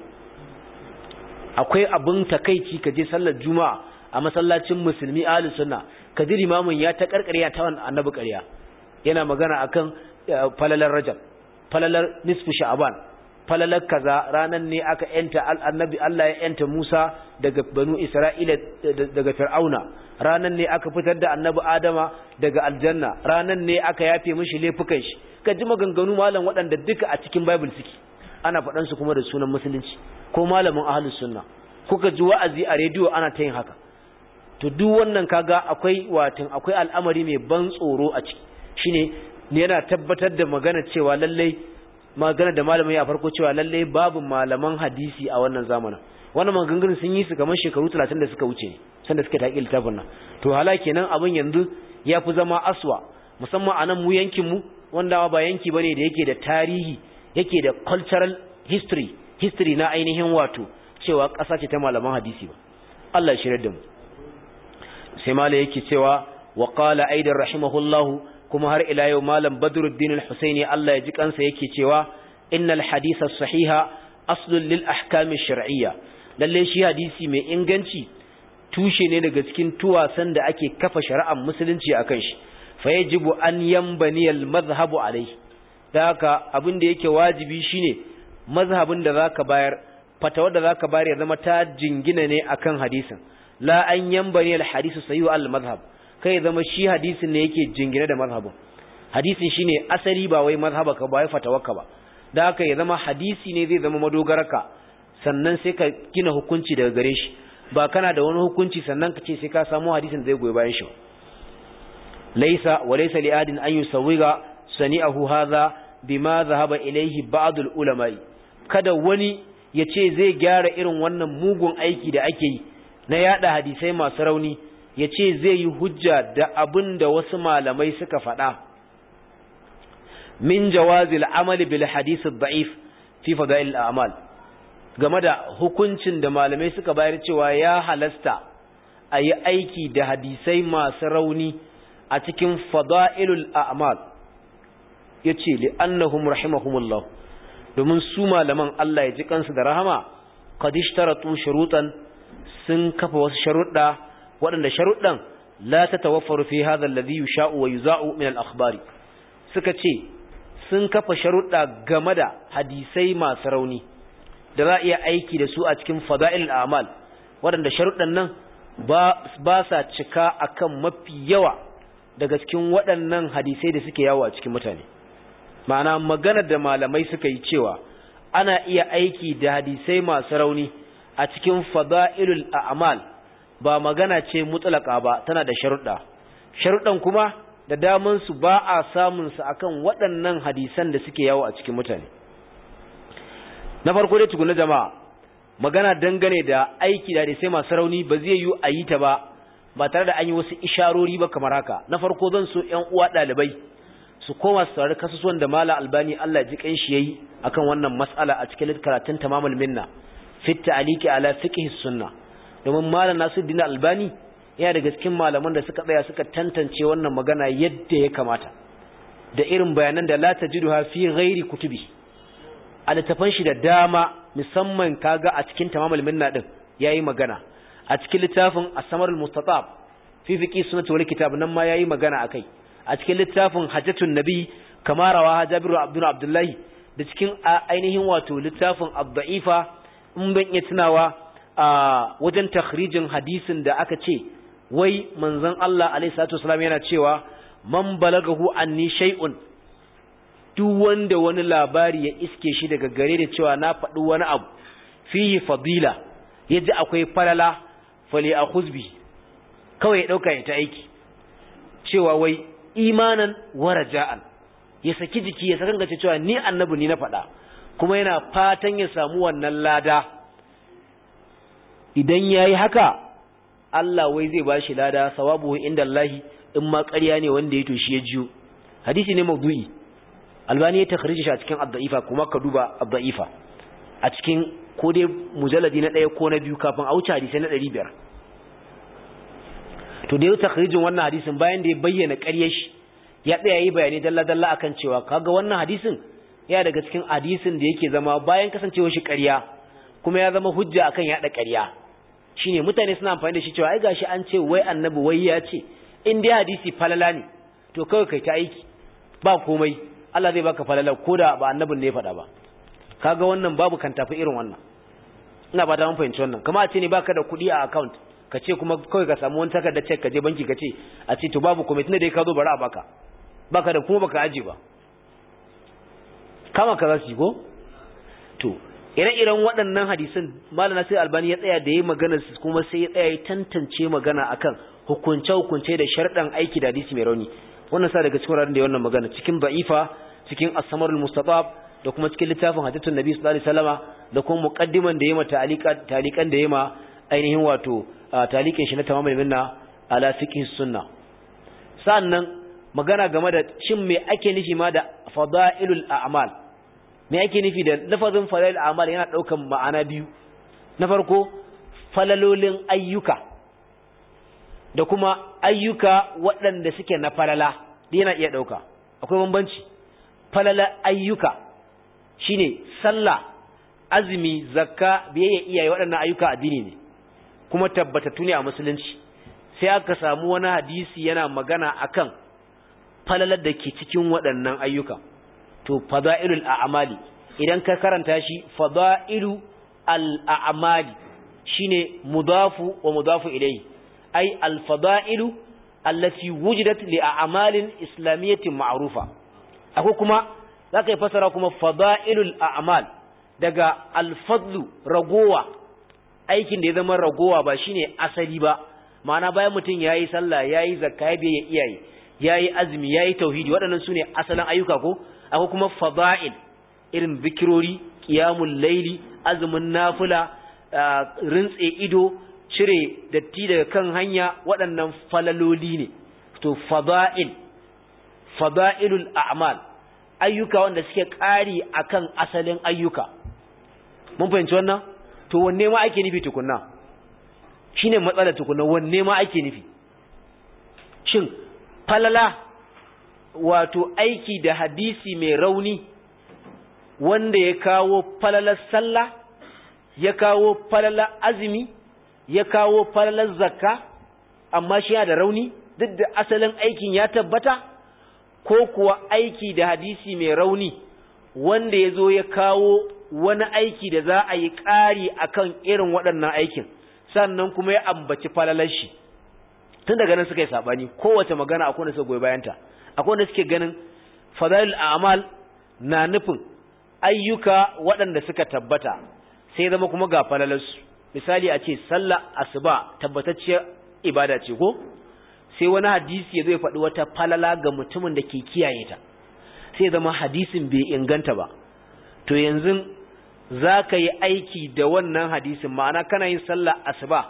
akwai abin takaici ka je sallar juma'a a masallacin musulmi ahlus sunna kadir imamun ya ta karkariya ta annabi ƙarya yana magana akan eh, falalar rajab falalar nisfu sha'ban falalar kaza ranan ne aka yanta annabi Allah ya yanta Musa daga banu Isra'ila daga Fir'auna ranan ne aka fitar da annabi Adama daga aljanna ranan ne aka yafe mishi laifukan shi ka ji maganganu malam waɗanda duka a cikin bible suke ana faɗan su kuma da sunan musulunci ko malamin ahlus sunna kuka ji wa'azi a rediyo ana ta yin haka to duk wannan kaga akwai watin akwai al'amari mai ban tsoro a ciki shine yana tabbatar da magana cewa lallai magana da malamin a farko cewa lallai babu malaman hadisi a wannan zamanin wannan maganganun sun yi su kamar shekaru 30 da suka wuce sanda suka taƙi littafin nan to hala kenan abin yanzu ya fi zama aswa musamman a nan mu yankin mu wanda ba yanki bane da yake da tarihi yake da cultural history history na ainihin wato cewa ƙasa ce ta malaman hadisi ba Allah ya shirye da mu sai malai yake cewa wa qala aidan rahimahullahu kuma har ila yau malam badruddin al-husaini Allah ya ji kansa yake cewa innal hadisa sahiha aslun lil ahkam ash-shar'iyya lalle shi hadisi mai inganci tushe ne daga cikin tuwasan da ake kafa shari'ar musulunci akan shi fa yajibu an yambani al madhhabu alayhi da haka abin da yake wajibi shine mazhabin da zaka bayar fatawar da zaka bayar ya zama ta jingina ne akan hadisin la an yambani al hadisu sayyu al madhhab kai zama shi hadisin ne yake jingina da mazhabin hadisin shine asali ba wai ka, ba wai ka ba da haka ya zama hadisi ne zai zama madogaraka, sannan sai ka gina hukunci daga gare shi ba kana da wani hukunci sannan ka ce sai ka samu hadisin da zai goyi bayan shi ba laisa wa laisa li adin an yusawwiga sani'ahu hadha bima zahaba ilayhi kada wani ya ce zai gyara irin wannan mugun aiki da ake yi na yada hadisai masu rauni ya ce zai yi hujja da abin da wasu malamai suka faɗa min jawazil amali bil hadisi da'if fi fada'il a'mal game da hukuncin da malamai suka bayar cewa ya halasta a yi aiki da hadisai masu rauni a cikin fada'ilul a'mal yace li'annahum rahimahumullah domin su malaman Allah ya ji kansu da rahama qad ishtaratu shurutan sun kafa wasu sharuɗa waɗanda sharuɗan la tatawaffaru fi hadha alladhi yusha'u wa yuza'u min al-akhbari suka ce sun kafa sharuɗa game da hadisai masu rauni da za a iya aiki da su a cikin fada'il amal, waɗanda sharuɗan nan ba sa cika akan mafi yawa daga cikin waɗannan hadisai da suke yawo a cikin mutane ma'ana magana da malamai suka yi cewa ana iya aiki da hadisai masu rauni a cikin fada'ilul a'mal ba magana ce mutlaka ba tana da sharuɗa sharuɗan kuma da daman su ba a samun su akan waɗannan hadisan da suke yawo a cikin mutane na farko dai tukuna jama'a magana dangane da aiki da hadisai masu rauni ba zai yi a yi ta ba ba tare da an yi wasu isharori ba kamar haka na farko zan so ƴan uwa dalibai su koma su saurari kasusuwan da mala albani Allah ji kan shi yayi akan wannan mas'ala a cikin karatun tamamul minna fi ta'liqi ala fiqhi sunna domin malam Nasiruddin Albani yana daga cikin malaman da suka tsaya suka tantance wannan magana yadda ya kamata da irin bayanan da la tajiduha fi ghairi kutubi a littafan shi da dama musamman kaga a cikin tamamul minna din yayi magana a cikin littafin asamar mustatab fifiki suna sunnati kitab nan ma ya yi magana akai a cikin littafin hajjatun nabi Kamarawa, rawa abdullahi da cikin ainihin wato littafin ad in ban iya tunawa a wajen takhrijin hadisin da aka ce wai manzon Allah alaihi salatu wasalam yana cewa man balagahu anni shay'un duk wanda wani labari ya iske shi daga gare da cewa na faɗi wani abu fihi fadila yaji akwai falala fali a huzbi kawai ya ɗauka ya ta aiki cewa wai imanan wara ja'an ya saki jiki ya sakan gace cewa ni annabu ni na faɗa kuma yana fatan ya samu wannan lada idan ya yi haka Allah wai zai ba shi lada sawabu inda Allahi in ma ƙarya ne wanda ya to shi ya jiyo hadisi ne maudu'i albani ya takharije shi a cikin abda'ifa kuma ka duba abda'ifa a cikin ko dai mujalladi na ɗaya ko na biyu kafin a wuce hadisai na ɗari biyar to da ya takrijin wannan hadisin bayan da ya bayyana ƙarya shi ya tsaya yi bayanai dalla-dalla akan cewa kaga wannan hadisin ya daga cikin hadisin da yake zama bayan kasancewar shi ƙarya kuma ya zama hujja akan yaɗa ƙarya shine mutane suna amfani da shi cewa ai gashi an ce wai annabi wai ya ce in dai hadisi falala ne to kawai kai ta aiki ba komai Allah zai baka falala ko da ba annabin ne ya faɗa ba kaga wannan babu kan tafi irin wannan ina ba da mun fahimci wannan kuma a ce ne baka da kuɗi a account ka ce kuma kawai ka samu wani takardar check ka je banki ka ce a ce to babu kuma tunda dai ka zo bari a baka baka da kuma baka aje ba kama ka za su ko to ire-iren waɗannan hadisan malam sai albani ya tsaya da ya magana su kuma sai ya tsaya ya tantance magana akan hukunce-hukunce da sharɗan aiki da hadisi mai rauni wannan sa daga cikin ranar da wannan magana cikin ba'ifa cikin asamarul mustatab da kuma cikin littafin hadisun nabi sallallahu alaihi wasallama da kuma muqaddiman da yema ta'alika talikan da ma ainihin wato talikin shi na tamamul minna ala fiqh sunna sannan magana game da shin me ake nufi ma da fadailul a'mal me ake nufi da lafazin fadailul a'mal yana daukan ma'ana biyu na farko falalolin ayyuka da kuma ayyuka waɗanda suke na falala yana iya dauka akwai bambanci falala ayyuka shine sallah azumi zakka biyayya iyaye waɗannan ayyuka addini ne kuma tabbatattu ne a musulunci sai aka samu wani hadisi yana magana akan falalar da ke cikin waɗannan ayyuka to fada'ilul a'mali idan ka karanta shi fada'ilu al-a'mali shine mudafu wa mudafu ilayhi ai al-fada'ilu allati wujidat li a'malin islamiyyatin ma'rufa akwai kuma za ka yi fasara kuma fada'ilul a'mal daga alfadlu ragowa aikin da ya zama ragowa ba shine asali ba ma'ana bayan mutum ya yi sallah ya yi zakka ya iyaye ya yi azumi ya yi tauhidi waɗannan su ne asalin ayyuka ko akwai kuma fada'il irin bikirori ƙiyamun laili azumin nafula rintse ido cire datti daga kan hanya waɗannan falaloli ne to fada'il fada'ilul a'mal ayyuka wanda suke ƙari akan asalin ayyuka mun fahimci wannan to wanne ma ake nufi tukunna shine matsalar tukunna wanne ma ake nufi shin falala wato aiki da hadisi mai rauni wanda ya kawo falalar sallah ya kawo falalar azumi ya kawo falalar zakka amma shi yana da rauni duk da asalin aikin ya tabbata ko kuwa aiki da hadisi mai rauni wanda ya zo ya kawo wani aiki da za a yi ƙari a kan irin waɗannan aikin sannan kuma ya ambaci falalar shi tun daga nan suka yi saɓani kowace magana a wanda suka goyi bayanta a wanda suke ganin fadalil a'mal na nufin ayyuka waɗanda suka tabbata sai zama kuma ga falalarsu misali a ce sallah asuba tabbatacciyar ibada ce ko sai wani hadisi ya zai faɗi wata falala ga mutumin da ke kiyaye ta sai zama hadisin bai inganta ba to yanzu za ka yi aiki da wannan hadisin ma'ana kana yin sallah asuba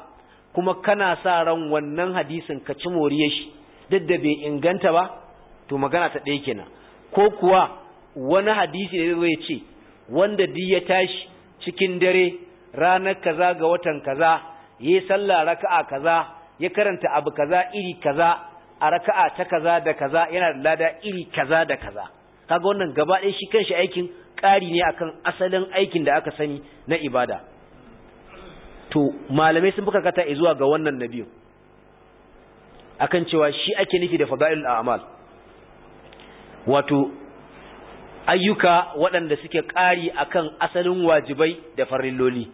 kuma kana sa ran wannan hadisin ka ci moriyar shi duk da bai inganta ba to magana ta ɗaya kenan ko kuwa wani hadisi da zai ce wanda duk ya tashi cikin dare ranar kaza ga watan kaza yi sallah raka'a kaza ya karanta abu kaza iri kaza a raka'a ta kaza da kaza yana da lada iri kaza da kaza kaga wannan gaba ɗaya shi kanshi aikin ƙari ne akan asalin aikin da aka sani na ibada to malamai sun buka kata zuwa ga wannan nabiyin akan cewa shi ake nufi da fada'ilul a'mal wato ayyuka waɗanda suke ƙari akan asalin wajibai da farilloli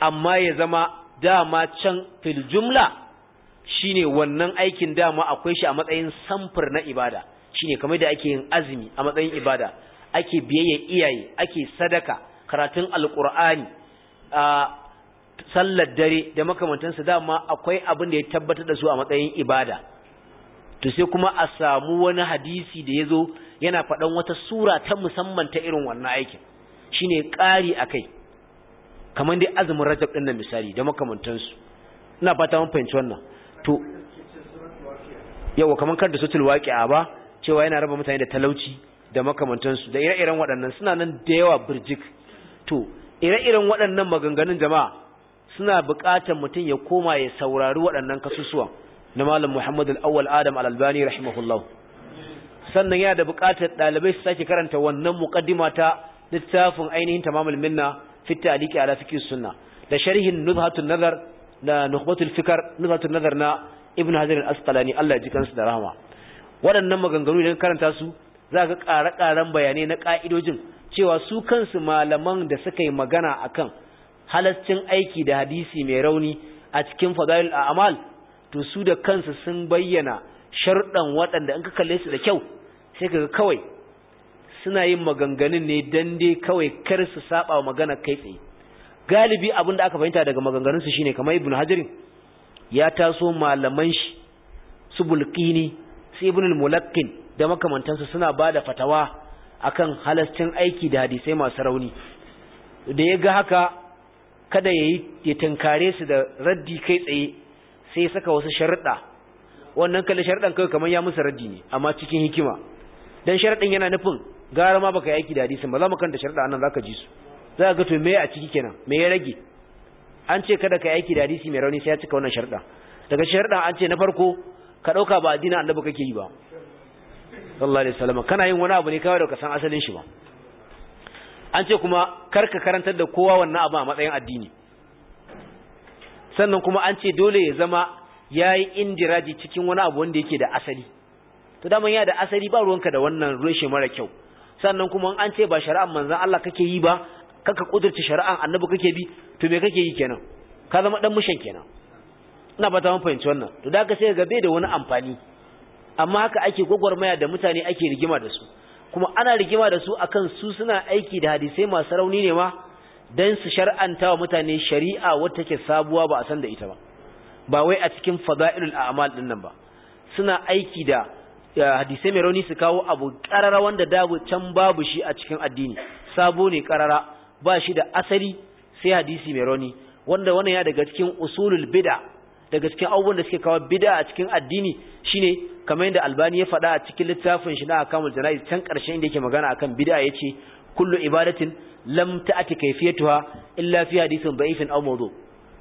amma ya zama dama can fil jumla shine wannan aikin dama akwai shi a matsayin samfur na ibada shine kamar da ake yin azumi a matsayin ibada ake biyayya iyaye ake sadaka karatun alqur'ani a sallar dare da makamantansu dama akwai abin da ya tabbatar da su a matsayin ibada to sai kuma a samu wani hadisi da ya zo yana faɗan wata sura ta musamman ta irin wannan aikin shine ƙari akai kamar dai azumin rajab ɗin nan misali da makamantansu ina fata mun fahimci wannan to yawa kamar kar da sutul waqi'a ba cewa yana raba mutane da talauci da makamantansu da ire-iren waɗannan suna nan da yawa birjik to ire-iren waɗannan maganganun jama'a suna buƙatar mutum ya koma ya saurari waɗannan kasusuwa na malam Muhammad al-Awwal Adam al-Albani rahimahullah sannan yana da buƙatar ɗalibai su sake karanta wannan muqaddimata ta littafin ainihin tamamul minna fi ta'liqi ala fiqh sunna da sharhin nuzhatun nazar da nukhbatul fikr nuzhatun nazar na ibn hajar al-asqalani Allah ya ji kansa da rahama waɗannan maganganu idan karanta su za ka ƙare-ƙaren bayanai na ƙa'idojin cewa su kansu malaman da suka yi magana akan kan halascin aiki da hadisi mai rauni a cikin fadail a amal to su da kansu sun bayyana sharɗan waɗanda in ka kalle su da kyau sai ka ga kawai suna yin maganganun ne don dai kawai kar su saba wa magana kai tsaye galibi abin da aka fahimta daga maganganun su shine kamar ibnu hajarin ya taso malaman shi su bulqini su ibnul mulakkin da makamantansu suna ba da fatawa akan halascin aiki da hadisai masu rauni da ya ga haka kada yayi ya tunkare su da raddi kai tsaye sai ya saka wasu sharuɗa wannan kalle sharuɗan kai kamar ya musu raddi ne amma cikin hikima dan sharuɗin yana nufin gara ma baka yi aiki da hadisin ba za mu kanta sharɗa annan zaka ji su za ka ga to me a ciki kenan me ya rage an ce kada ka yi aiki da hadisi mai rauni sai ya cika wannan sharɗa daga sharɗa an ce na farko ka ɗauka ba addinin annabi kake yi ba sallallahu alaihi wasallam kana yin wani abu ne kawai da ka san asalin shi ba an ce kuma kar ka karantar da kowa wannan abu a matsayin addini sannan kuma an ce dole ya zama ya yi indiraji cikin wani abu wanda yake da asali to daman ya da asali ba ruwanka da wannan rushe mara kyau sannan kuma an ce ba shari'an manzan Allah kake yi ba kaka kudurci shari'an annabi kake bi to me kake yi kenan ka zama dan mushen kenan ina fata mun fahimci wannan to da ka sai ga bai da wani amfani amma haka ake gwagwarmaya da mutane ake rigima da su kuma ana rigima da su akan su suna aiki da hadisai masu rauni ne ma dan su shar'anta wa mutane shari'a wata ke sabuwa ba a san da ita ba ba wai a cikin fada'ilul a'mal din nan ba suna aiki da hadisai mai rauni su kawo abu karara wanda dabu can babu shi a cikin addini sabo ne karara ba shi da asali sai hadisi mai rauni wanda wannan ya daga cikin usulul bid'a daga cikin abubuwan da suke kawo bid'a a cikin addini shine kamar yadda albani ya faɗa a cikin littafin shi na akamul jana'iz can ƙarshen inda yake magana akan bid'a yace kullu ibadatin lam ta'ati kayfiyatuha illa fi hadithin da'ifin aw mawdu'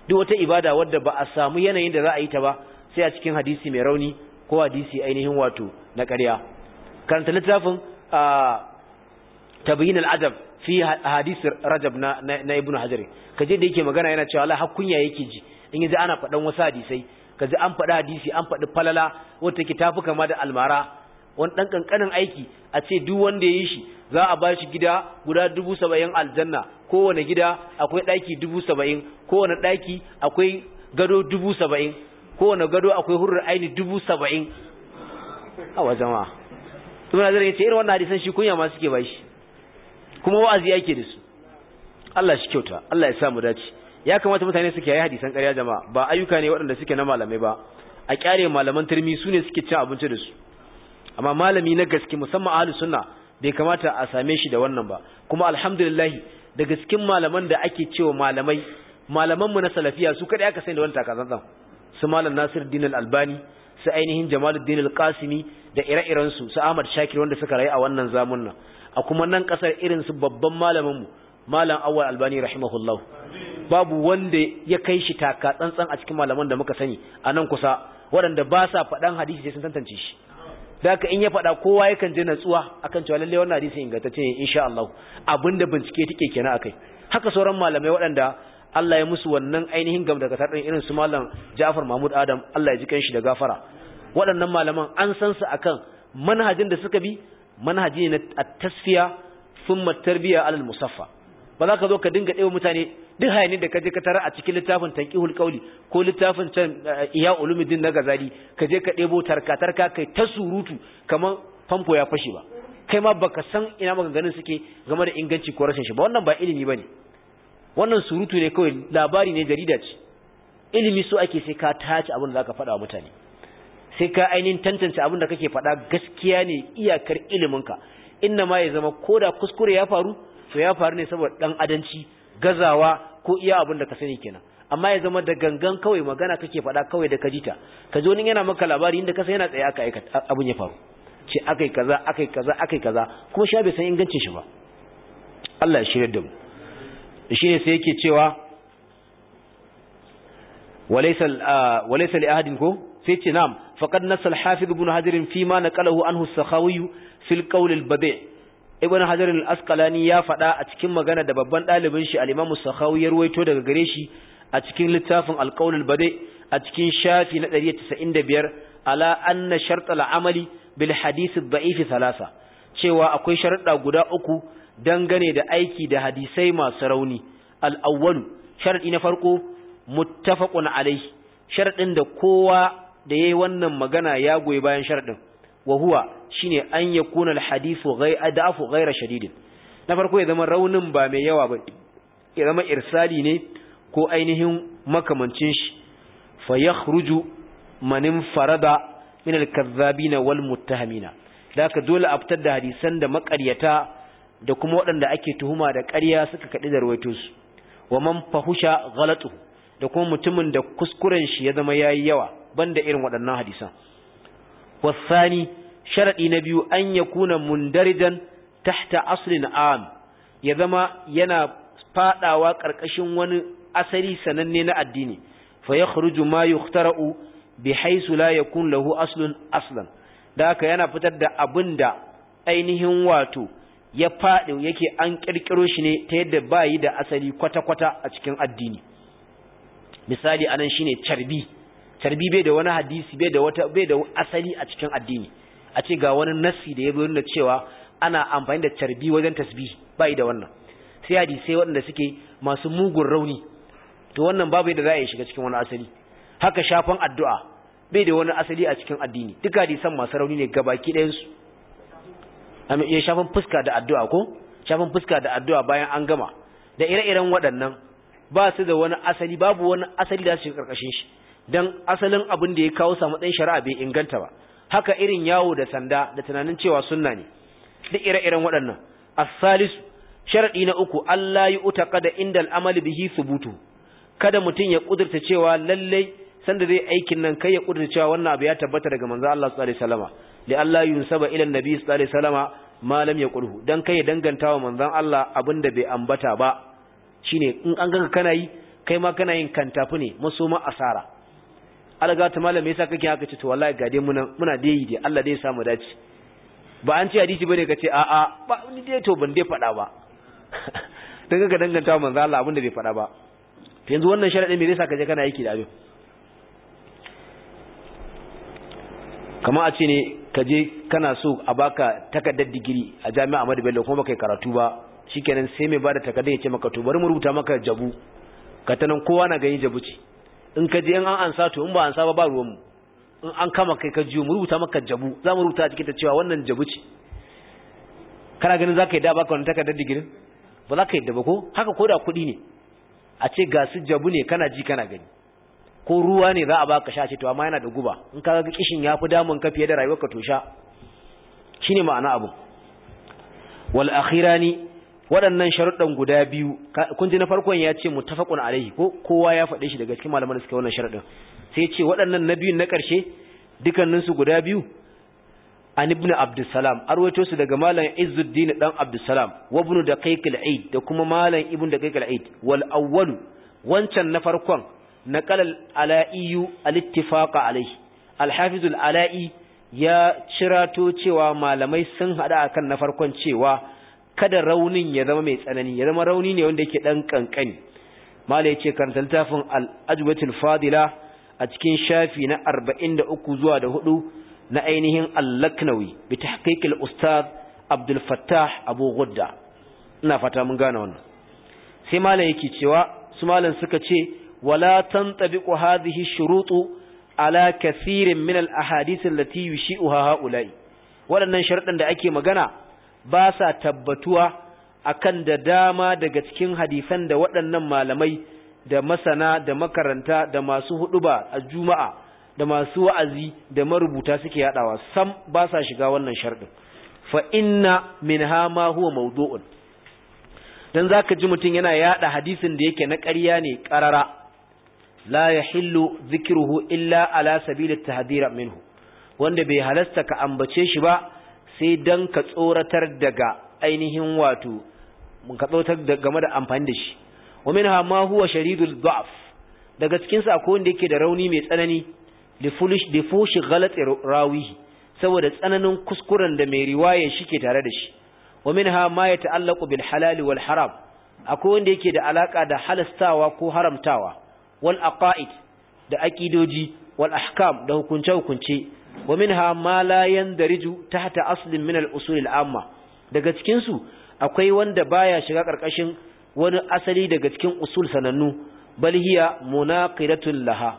duk wata ibada wadda ba a samu yanayin da za a yi ta ba sai a cikin hadisi mai rauni ko hadisi ainihin wato na ƙarya karanta littafin tabayin al'adab fi hadisi rajab na na ibnu Ka je da yake magana yana cewa Allah hakkunya yake ji in yanzu ana faɗan wasu hadisai Ka ji an faɗa hadisi an faɗi falala wata take tafi kama da almara wani ɗan ƙanƙanin aiki a ce duk wanda ya yi shi za a ba shi gida guda dubu saba'in aljanna kowane gida akwai ɗaki dubu saba'in kowane ɗaki akwai gado dubu saba'in kowane gado akwai hurur aini dubu saba'in a wajen wa tuna ibn azar yace irin wannan hadisan shi kunya ma suke bashi kuma wa'azi yake da su Allah shi kyauta Allah ya sa mu dace ya kamata mutane suke yi hadisan ƙarya jama'a ba ayyuka ne waɗanda suke na malamai ba a ƙyare malaman turmi su ne suke cin abinci da su amma malami na gaske musamman ahlus sunna bai kamata a same shi da wannan ba kuma alhamdulillah da gaskin malaman da ake cewa malamai malaman mu na salafiya su kada aka sani da wannan takazantsan su malam nasir din albani su ainihin jamaluddin al-qasimi da ire-iren su su ahmad shakir wanda suka rayu a wannan zamun nan a kuma nan kasar irin su babban malamin mu malam awwal albani rahimahullahu babu wanda ya kai shi taka tsantsan a cikin malaman da muka sani a nan kusa waɗanda ba sa faɗan hadisi sai sun tantance shi da haka in ya faɗa kowa yakan je natsuwa akan cewa lallai wannan hadisi ingantacce ne insha Allah abinda bincike take kenan akai haka sauran malamai waɗanda Allah ya musu wannan ainihin gam daga tarin irin su malam Ja'far Mahmud Adam Allah ya ji kanshi da gafara waɗannan malaman an san su akan manhajin da suka bi manhaji ne na tasfiya thumma tarbiya alal musaffa ba za ka zo ka dinga ɗewa mutane duk hayanin da ka je ka tara a cikin littafin tanqihul qawli ko littafin can eh, iya ulumuddin na gazali ka je ka ɗebo tarka tarka kai ta surutu Kamar famfo ya fashe ba kai ma baka san ina maganganun suke game da inganci ko rashin shi ba wannan ba ilimi bane wannan surutu ne kawai labari ne jarida ce ilimi so ake sai ka tace abin da zaka faɗa wa mutane sai ka ainihin tantance abin da kake faɗa gaskiya ne iyakar iliminka inna ma ya zama ko da kuskure ya faru to ya faru ne saboda dan adanci gazawa ko iya abin da ka sani kenan amma ya zama da gangan kawai magana kake faɗa kawai da kajita ka ji wani yana maka labari inda kasa yana tsaye aka aika abin ya faru ce akai kaza akai kaza akai kaza kuma sha bai san ingancin shi ba Allah ya shirya da mu shi ne sai yake cewa walaysa li ahadin ko sai ce na'am faqad nasal hafiz ibn hajar fi ma naqalahu anhu sakhawi fil qawl al ibn hajar al ya faɗa a cikin magana da babban ɗalibin shi al imam sakhawi ya ruwaito daga gare shi a cikin littafin al qawl a cikin shafi na biyar ala anna shart al amali bil hadith al salasa. cewa akwai sharuɗa guda uku dangane da aiki da hadisai masu rauni al-awwal sharadi na farko muttafaqun alai sharadin da kowa da yayi wannan magana ya goyi bayan sharadin wa huwa shine an yakuna al-hadithu ghayra da'fu ghayra shadidin na farko ya zama raunin ba mai yawa ba ya zama irsali ne ko ainihin makamancin shi fa yakhruju man farada min al-kazzabina wal muttahamina daka dole a fitar da hadisan da makaryata da kuma waɗanda ake tuhuma da ƙarya suka kaɗi da ruwaito wa man fahusha ghalatu da kuma mutumin da kuskuren shi ya zama yayi yawa banda irin waɗannan hadisan wasani sharadi na biyu an yakuna mundaridan tahta aslin am ya zama yana fadawa karkashin wani asali sananne na addini fa yakhruju ma yukhtara'u bihaythu la yakun lahu aslun aslan da haka yana fitar da abinda ainihin wato ya faɗi yake an ƙirƙiro shi ne ta yadda ba yi da asali kwata-kwata a cikin addini misali anan ne carbi carbi bai da wani hadisi bai da wata bai da asali a cikin addini a ce ga wani nassi da ya zo nuna cewa ana amfani da carbi wajen ba yi da wannan sai sai waɗanda suke masu mugun rauni to wannan babu yadda za a shiga cikin wani asali haka shafan addu'a bai da wani asali a cikin addini duk hadisan masu rauni ne gabaki ɗayan su am iya shafin fuska da addu'a ko shafin fuska da addu'a bayan an gama da ire-iren waɗannan ba su da wani asali babu wani asali da su ƙarƙashin shi Don asalin abin da ya kawo samu ɗan shari'a bai inganta ba haka irin yawo da sanda da tunanin cewa sunna ne duk ire-iren waɗannan asalis sharaɗi na uku Allah yi utaka kada inda al'amali bihi su butu. kada mutum ya ƙudurta cewa lallai sanda zai aikin nan kai ya ƙudurta cewa wannan abu ya tabbata daga manzo Allah sallallahu alaihi li Allah yunsaba ila annabi sallallahu alaihi wasallama ma lam yaqulhu dan kai danganta wa manzon Allah abinda bai ambata ba shine in an ganka kana yi kai ma kana yin kantafi ne ma asara alga ta malam yasa kake haka ce to wallahi gade mu muna muna dai dai Allah dai ya samu dace ba an ce hadisi bane ka ce a a ba ni dai to ban dai fada ba dan ganka danganta wa manzon Allah abinda bai fada ba to yanzu wannan sharadi me yasa kaje kana aiki da abin Kama a ce ne ka je kana so a baka takardar digiri a jami'a Ahmadu Bello kuma kai karatu ba shikenan sai mai bada takardar ya ce maka to bari mu rubuta maka jabu ka ta nan kowa na gani jabu ce in ka je in an ansa to in ba ansa ba ba ruwan mu in an kama kai ka jiyo mu rubuta maka jabu za mu rubuta a cikin ta cewa wannan jabu ce kana ganin za ka yi da baka wani takardar digirin ba za ka yi da ba ko haka ko da kuɗi ne a ce ga su jabu ne kana ji kana gani ko ruwa ne za a baka sha ce to amma yana da guba in ka ga kishin yafi damun ka fiye da rayuwarka to sha shine ma'ana abu wal akhirani waɗannan sharuɗan guda biyu kun ji na farkon ya ce muttafaqun alaihi ko kowa ya faɗe shi daga cikin malaman da suka wannan sharuɗan sai ya ce waɗannan na biyun na ƙarshe dukannin su guda biyu an ibn abdussalam arwato su daga malam izzuddin dan abdussalam wa ibn daqiq al-aid da kuma malam ibn daqiq al-aid wal awwalu wancan na farkon نقل الالائي الاتفاق عليه الحافظ الالائي ya to cewa malamai sun hada akan na farkon cewa kada raunin ya zama mai tsanani ya zama rauni ne wanda yake dan kankani malai yace karanta littafin al-ajwatul fadila a cikin shafi na 43 zuwa da 4 na ainihin al-laknawi bi tahqiqil ustaz abdul fattah abu gudda ina fata mun gane wannan sai malai yake cewa su malan suka ce wala tantabiqu hadhihi shurutu ala kathirin min al Latifi allati yushi'uha waɗannan sharuɗan da ake magana ba sa tabbatuwa akan da dama daga cikin hadisan da waɗannan malamai da masana da makaranta da masu huɗuba a juma'a da masu wa'azi da marubuta suke haɗawa sam ba sa shiga wannan sharɗin fa inna min hama huwa mawdu'un dan zaka ji mutum yana yada hadisin da yake na ƙarya ne ƙarara la yahillu dhikruhu illa ala sabili tahdhira minhu wanda bai halasta ka ambace shi ba sai dan ka tsoratar daga ainihin wato mun ka tsoratar game da amfani da shi wa minha ma huwa sharidul dha'f daga cikin sa akwai wanda yake da rauni mai tsanani li fulish li fushi ghalat rawihi saboda tsananin kuskuren da mai riwaya shi ke tare da shi wa minha ma yata'allaqu bil halali wal haram akwai wanda yake da alaka da halastawa ko haramtawa wal aqaid da aqidoji wal ahkam da hukunce hukunce wa minha ma la yandariju tahta aslin min al usul al amma daga cikin su akwai wanda baya shiga karkashin wani asali daga cikin usul sanannu bal hiya munaqiratun laha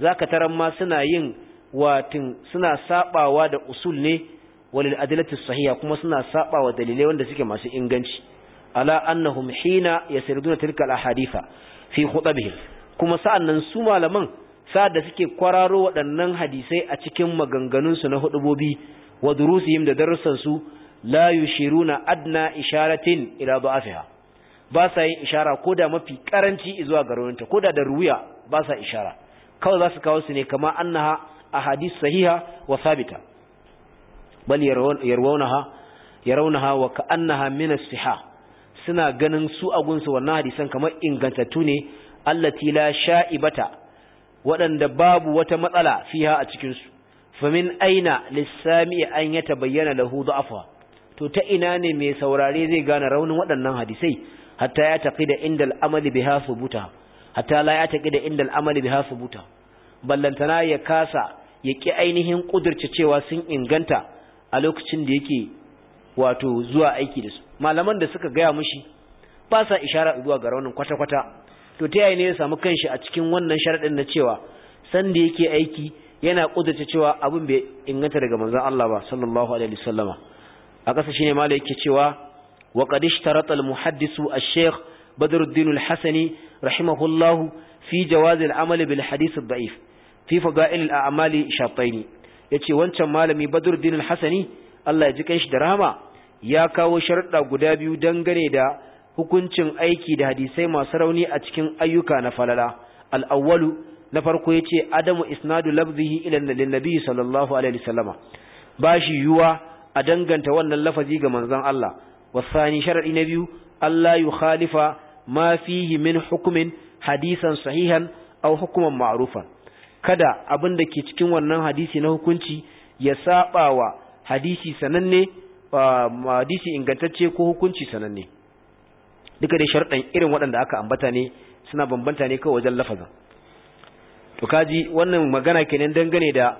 zaka taran ma suna yin watin suna sabawa da usul ne walil adillati sahiha kuma suna sabawa dalilai wanda suke masu inganci ala annahum hina yasriduna tilka al Hadifa. fi khutabihim kuma sa'annan su malaman sa'ad da suke kwararo waɗannan hadisai a cikin maganganunsu na hudubobi wa durusihim da darussansu la yushiruna adna isharatin ila ba'afiha ba sa yin ishara koda mafi karanci zuwa garwanta koda da ruya ba sa ishara kawai za su kawo su ne kama annaha hadis sahiha wa sabita bal yarwunaha yarawunaha wa ka'annaha min as-sihah suna ganin su agunsu wannan hadisan kamar ingantattu ne allati la sha'ibata waɗanda babu wata matsala fiha a cikin su famin aina lissami an ya tabayyana lahu da'afa to ta ina ne mai saurare zai gane raunin waɗannan hadisai hatta ya taqida inda al'amali biha subuta hatta la ya taqida inda al'amali biha subuta ballantana ya kasa ya ki ainihin kudurce cewa sun inganta a lokacin da yake wato zuwa aiki da su malaman da suka gaya mushi ba sa ishara zuwa ga raunin kwata-kwata to ta yaya ne ya samu kanshi a cikin wannan sharaɗin na cewa san da yake aiki yana ƙudace cewa abin bai inganta daga manzon Allah ba sallallahu alaihi wasallama a kasa shine mala yake cewa wa qad ishtarata al muhaddisu ash-shaykh Badruddin al-Hasani rahimahullahu fi jawaz al-amal bil hadith ad-da'if fi fada'il al-a'mali shartayn yace wancan malami Badruddin al-Hasani Allah ya ji kanshi da rahama ya kawo sharuɗa guda biyu dangane da hukuncin aiki da hadisai masu rauni a cikin ayyuka na falala al'awwalu na farko ya ce adamu isnadu labzihi ilan nabi sallallahu alaihi wasallama ba shi yiwuwa a danganta wannan lafazi ga manzon Allah wasani Sharaɗi na biyu Allah yu khalifa ma fihi min hukumin hadisan sahihan aw hukuman ma'rufan kada abin da ke cikin wannan hadisi na hukunci ya saɓa wa hadisi sananne ah, hadisi ingantacce ko hukunci sananne duka dai sharɗan irin waɗanda aka ambata ne suna bambanta ne kawai wajen lafazin to kaji wannan magana kenan dangane da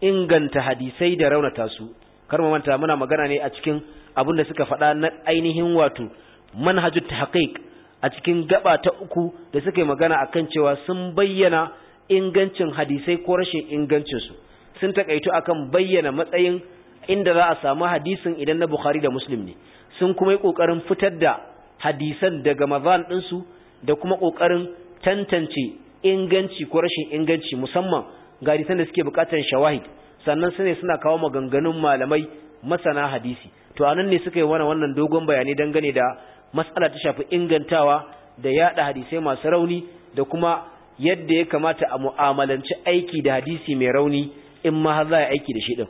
inganta hadisai da raunata su kar mu manta muna magana ne a cikin abin da suka faɗa na ainihin wato manhajut tahqiq a cikin gaba ta uku da suka yi magana akan cewa sun bayyana ingancin hadisai ko rashin ingancin su sun takaitu akan bayyana matsayin inda za a samu hadisin idan na Bukhari da Muslim ne sun kuma yi kokarin fitar da hadisan daga mazan ɗinsu da kuma ƙoƙarin tantance inganci ko rashin inganci musamman ga hadisan da suke buƙatar shawahid sannan su ne suna kawo maganganun malamai masana hadisi to a nan ne suka yi wani wannan dogon bayanai dangane da matsala ta shafi ingantawa da yaɗa hadisai masu rauni da kuma yadda ya kamata a mu'amalanci aiki da hadisi mai rauni in ma har za a aiki da shi ɗin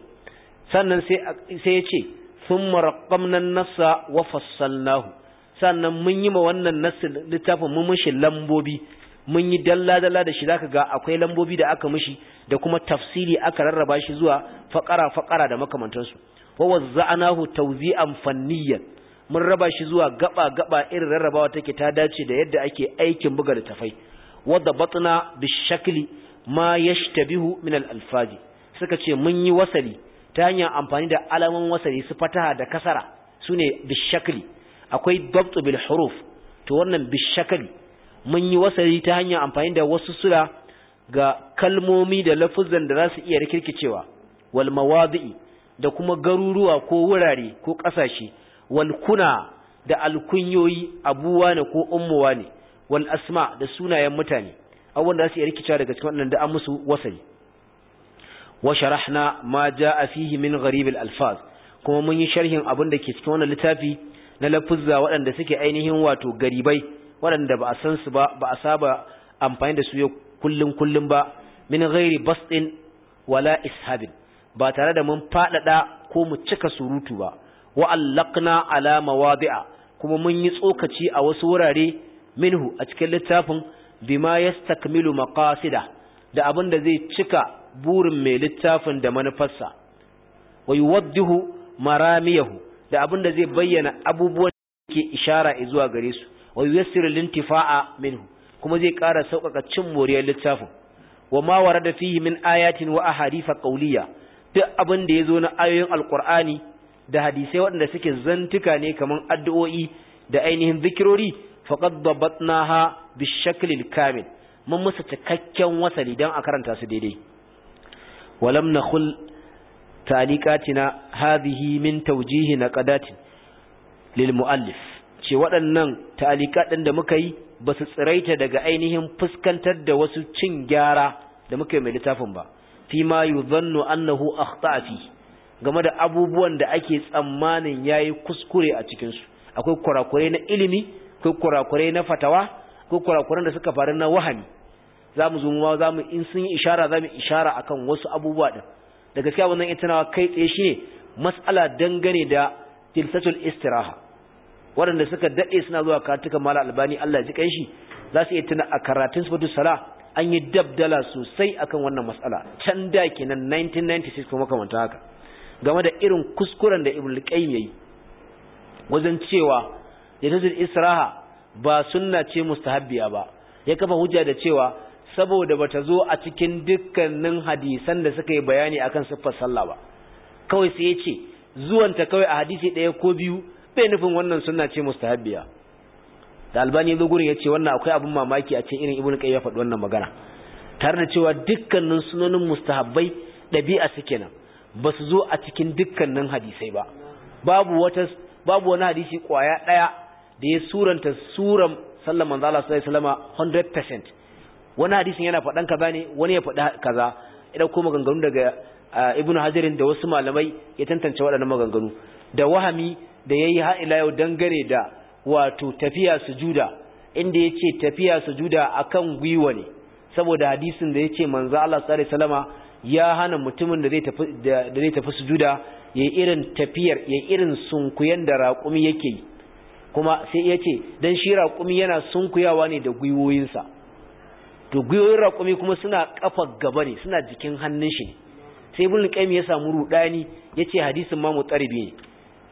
sannan sai ya ce sun marakamnan nasa wa fassalnahu sannan mun yi ma wannan nassin littafin mun mishi lambobi mun yi dalla-dalla da shi zaka ga akwai lambobi da aka mushi da kuma tafsiri aka rarraba shi zuwa faƙara-faƙara da makamantansu wa wazza'anahu tawzi'an fanniyan mun raba shi zuwa gaba-gaba irin rarrabawa take ta dace da yadda ake aikin buga da tafai wadda batna bishakli ma yashtabihu min al-alfazi suka ce mun yi wasali ta hanyar amfani da alaman wasali su fataha da kasara sune bishakli akwai dabtu bil huruf to wannan bishakali mun yi wasari ta hanyar amfani da wasu sura ga kalmomi da lafuzan da za iya rikirkicewa wal mawadi'i da kuma garuruwa ko wurare ko ƙasashe wal kuna da alkunyoyi abuwa ne ko ummuwa ne wal asma da sunayen mutane abubuwan da za iya rikicewa daga cikin wannan da an musu wasari wa sharahna ma jaa fihi min gharib al alfaz kuma mun yi sharhin abin da ke cikin wannan littafi na lafuzza waɗanda suke ainihin wato garibai waɗanda ba a san su ba ba a saba amfani da su yau kullum kullum ba min ghairi basdin wala ishabin ba tare da mun faɗaɗa ko mu cika surutu ba wa allaqna ala mawadi'a kuma mun yi tsokaci a wasu wurare minhu a cikin littafin bima yastakmilu maqasida da abin da zai cika burin mai littafin da manufarsa wa yuwaddihu maramiyahu da abin da zai bayyana abubuwan da ke ishara zuwa gare su wa yuyassir lintifa'a minhu kuma zai ƙara sauƙaƙa cin moriyar littafin wa ma warada fihi min ayatin wa ahadifa qawliya duk abin da yazo na ayoyin alqur'ani da hadisai waɗanda suke zantuka ne kaman addu'o'i da ainihin zikirori faqad dabatnaha bishakli kamil mun musa cikakken wasali dan a karanta su daidai walam nakhul تعليقاتنا هذه من توجيه نقدات للمؤلف ce waɗannan ta'alika ɗin da muka yi ba su tsiraita daga ainihin fuskantar da wasu cin gyara da muka yi mai littafin ba fi ma yuzannu annahu akhta'a fi game da abubuwan da ake tsammanin yayi kuskure a cikinsu, akwai kurakurai na ilimi akwai kurakurai na fatawa akwai kurakuran da suka faru na wahami zamu zo mu zamu in sun yi ishara zamu ishara akan wasu abubuwa din da gaskiya wannan ita tunawa kai tsaye shine mas'ala dangane da tilsatul istiraha waɗanda suka daɗe suna zuwa karatuka mala albani Allah ji kanshi za su iya tuna a karatun sifatu sala an yi dabdala sosai akan wannan mas'ala can da kenan 1996 kuma ta haka game da irin kuskuren da ibn qayyim yayi wajen cewa tilsatul istiraha ba sunna ce mustahabbiya ba ya kafa hujja da cewa saboda bata zo a cikin dukkanin hadisan da suka yi bayani akan siffar sallah ba kawai sai ya ce zuwanta kawai a hadisi ɗaya ko biyu bai nufin wannan sunna ce mustahabbiya da albani zo ya ce wannan akwai abin mamaki a cikin irin ibnu qayyim ya faɗi wannan magana tare da cewa dukkanin sunanin mustahabbai ɗabi'a suke nan ba su zo a cikin dukkanin hadisai ba babu wani hadisi kwaya ɗaya da ya suranta suran Sallama manzo sallallahu alaihi 100% wani hadisin yana faɗan kaza ne wani ya faɗa kaza idan ko maganganu daga ibn hajarin da wasu malamai ya tantance waɗannan maganganu da wahami da yayi har ila yau dangare da wato tafiya sujuda inda yace tafiya sujuda akan gwiwa ne saboda hadisin da yace manzo Allah sallallahu alaihi ya hana mutumin da zai tafi da zai tafi sujuda yayi irin tafiyar yayi irin sunkuyen da raƙumi yake kuma sai yace dan shi raƙumi yana sunkuyawa ne da gwiwoyinsa to gwiwoyin raƙumi kuma suna ƙafa gaba ne suna jikin hannun shi ne sai ibn qayyim ya samu rudani yace hadisin ma mutarbi ne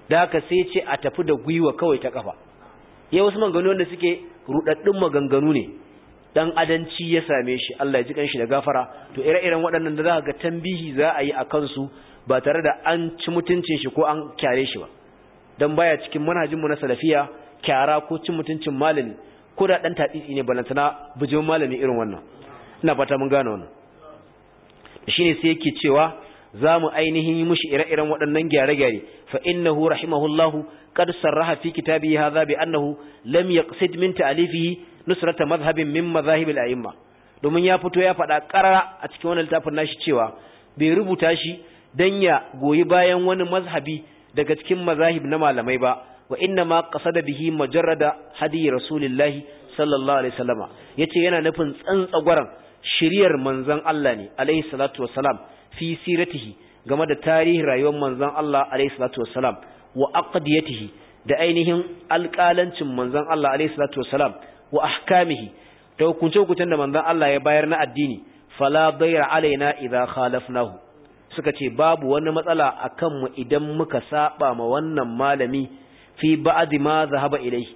da haka sai yace a tafi da gwiwa kawai ta kafa ya wasu maganganu wanda suke rudaddun maganganu ne dan adanci ya same shi Allah ya ji kanshi da gafara to ire-iren waɗannan da za ga tambihi za a yi a kansu ba tare da an ci mutuncin shi ko an kyare shi ba dan baya cikin manhajin mu na salafiya kyara ko cin mutuncin malami ko da dan tatsitsi ne balantana bujumin malami irin wannan ina fata mun gane wannan shine sai yake cewa za mu ainihin yi mushi ire-iren waɗannan gyare-gyare fa innahu rahimahullahu qad sarraha fi kitabihi hadha bi annahu lam yaqsid min ta'lifihi nusrata madhhabin min madhahib al-a'imma domin ya fito ya faɗa ƙarara a cikin wannan littafin nashi cewa bai rubuta shi dan ya goyi bayan wani mazhabi daga cikin mazahib na malamai ba wa inna kasa da bihi majarrada hadi rasulillahi sallallahu alaihi wasallama yace yana nufin tsantsagwaran shiriyar manzon Allah ne alaihi salatu wassalam fi siratihi game da tarihin rayuwar manzon Allah alaihi salatu wassalam wa aqdiyatihi da ainihin alƙalancin manzon Allah salatu wa ahkamihi da hukunce-hukuncen da manzon Allah ya bayar na addini fala bayra alaina idza khalafnahu suka ce babu wani matsala akan mu idan muka saba ma wannan malami fi ba'd ma zahaba ilai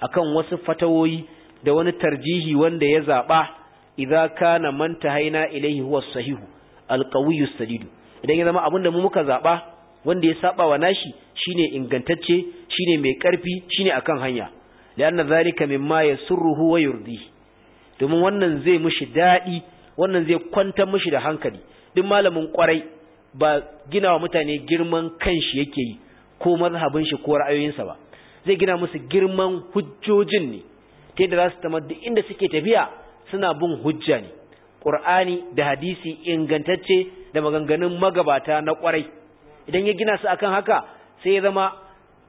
akan wasu fatawoyi da wani tarjihi wanda ya zaba idza kana man tahaina ilaihi huwa sahihu alqawiyyu sadid idan ya zama abinda mu muka zaba wanda ya saba wa nashi shine ingantacce shine mai karfi shine akan hanya lianna zalika mimma yasurruhu wa yurdihi domin wannan zai mishi daɗi wannan zai kwanta mishi da hankali duk malamin kwarai ba gina wa mutane girman kanshi yake yi ko mazhabin shi ko ra'ayoyinsa ba zai gina musu girman hujjojin ne ta yadda za su tamar duk inda suke tafiya suna bin hujja ne ƙur'ani da hadisi ingantacce da maganganun magabata na kwarai idan ya gina su akan haka sai ya zama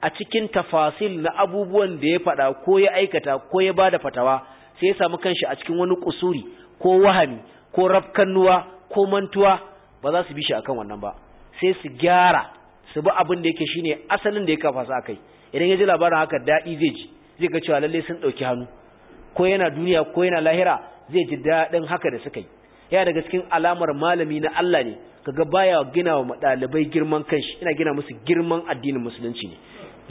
a cikin tafasil na abubuwan da ya faɗa ko ya aikata ko ya bada fatawa sai ya samu kanshi a cikin wani kusuri ko wahami ko rafkannuwa ko mantuwa ba za su bi shi akan wannan ba sai su gyara su bi abin da yake shine asalin da ya kafa su akai idan ya ji labarin haka daɗi zai ji zai ga cewa lalle sun ɗauki hannu ko yana duniya ko yana lahira zai ji daɗin haka da suka yi yana daga cikin alamar malami na Allah ne kaga baya gina wa ɗalibai girman kanshi ina gina musu girman addinin musulunci ne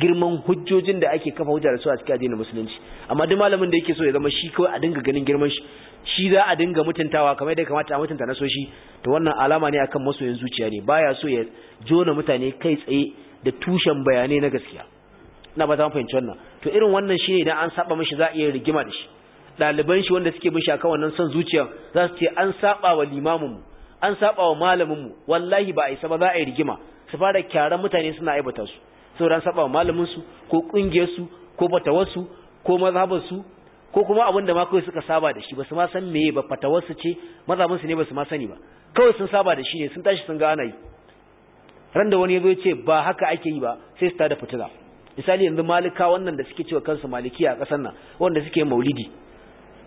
girman hujjojin da ake kafa hujja da su a cikin addinin musulunci amma duk malamin da yake so ya zama shi kawai a dinga ganin girman shi shi za a dinga mutuntawa kamar da kamata a mutunta na soshi to wannan alama ne akan masoyin zuciya ne baya so ya jona mutane kai tsaye da tushen bayanai na gaskiya ina ba ta fahimci wannan to irin wannan shine idan an saba mishi za a iya rigima da shi ɗaliban shi wanda suke bin shi akan wannan son zuciya za su ce an saba wa limamin mu an saba wa malamin mu wallahi ba a isa ba za a yi rigima su fara kyaran mutane suna aibata su saboda saba malamin su ko kungiyar su ko fatawar su ko mazhabar su ko kuma abin da ma kai suka saba da shi ba su ma san meye ba fatawar su ce mazhabin su ne ba su ma sani ba kawai sun saba da shi ne sun tashi sun ga ana yi ran da wani ya zo ce ba haka ake yi ba sai su tada fitila misali yanzu malika wannan da suke cewa kansu malikiya a ƙasar nan wanda suke maulidi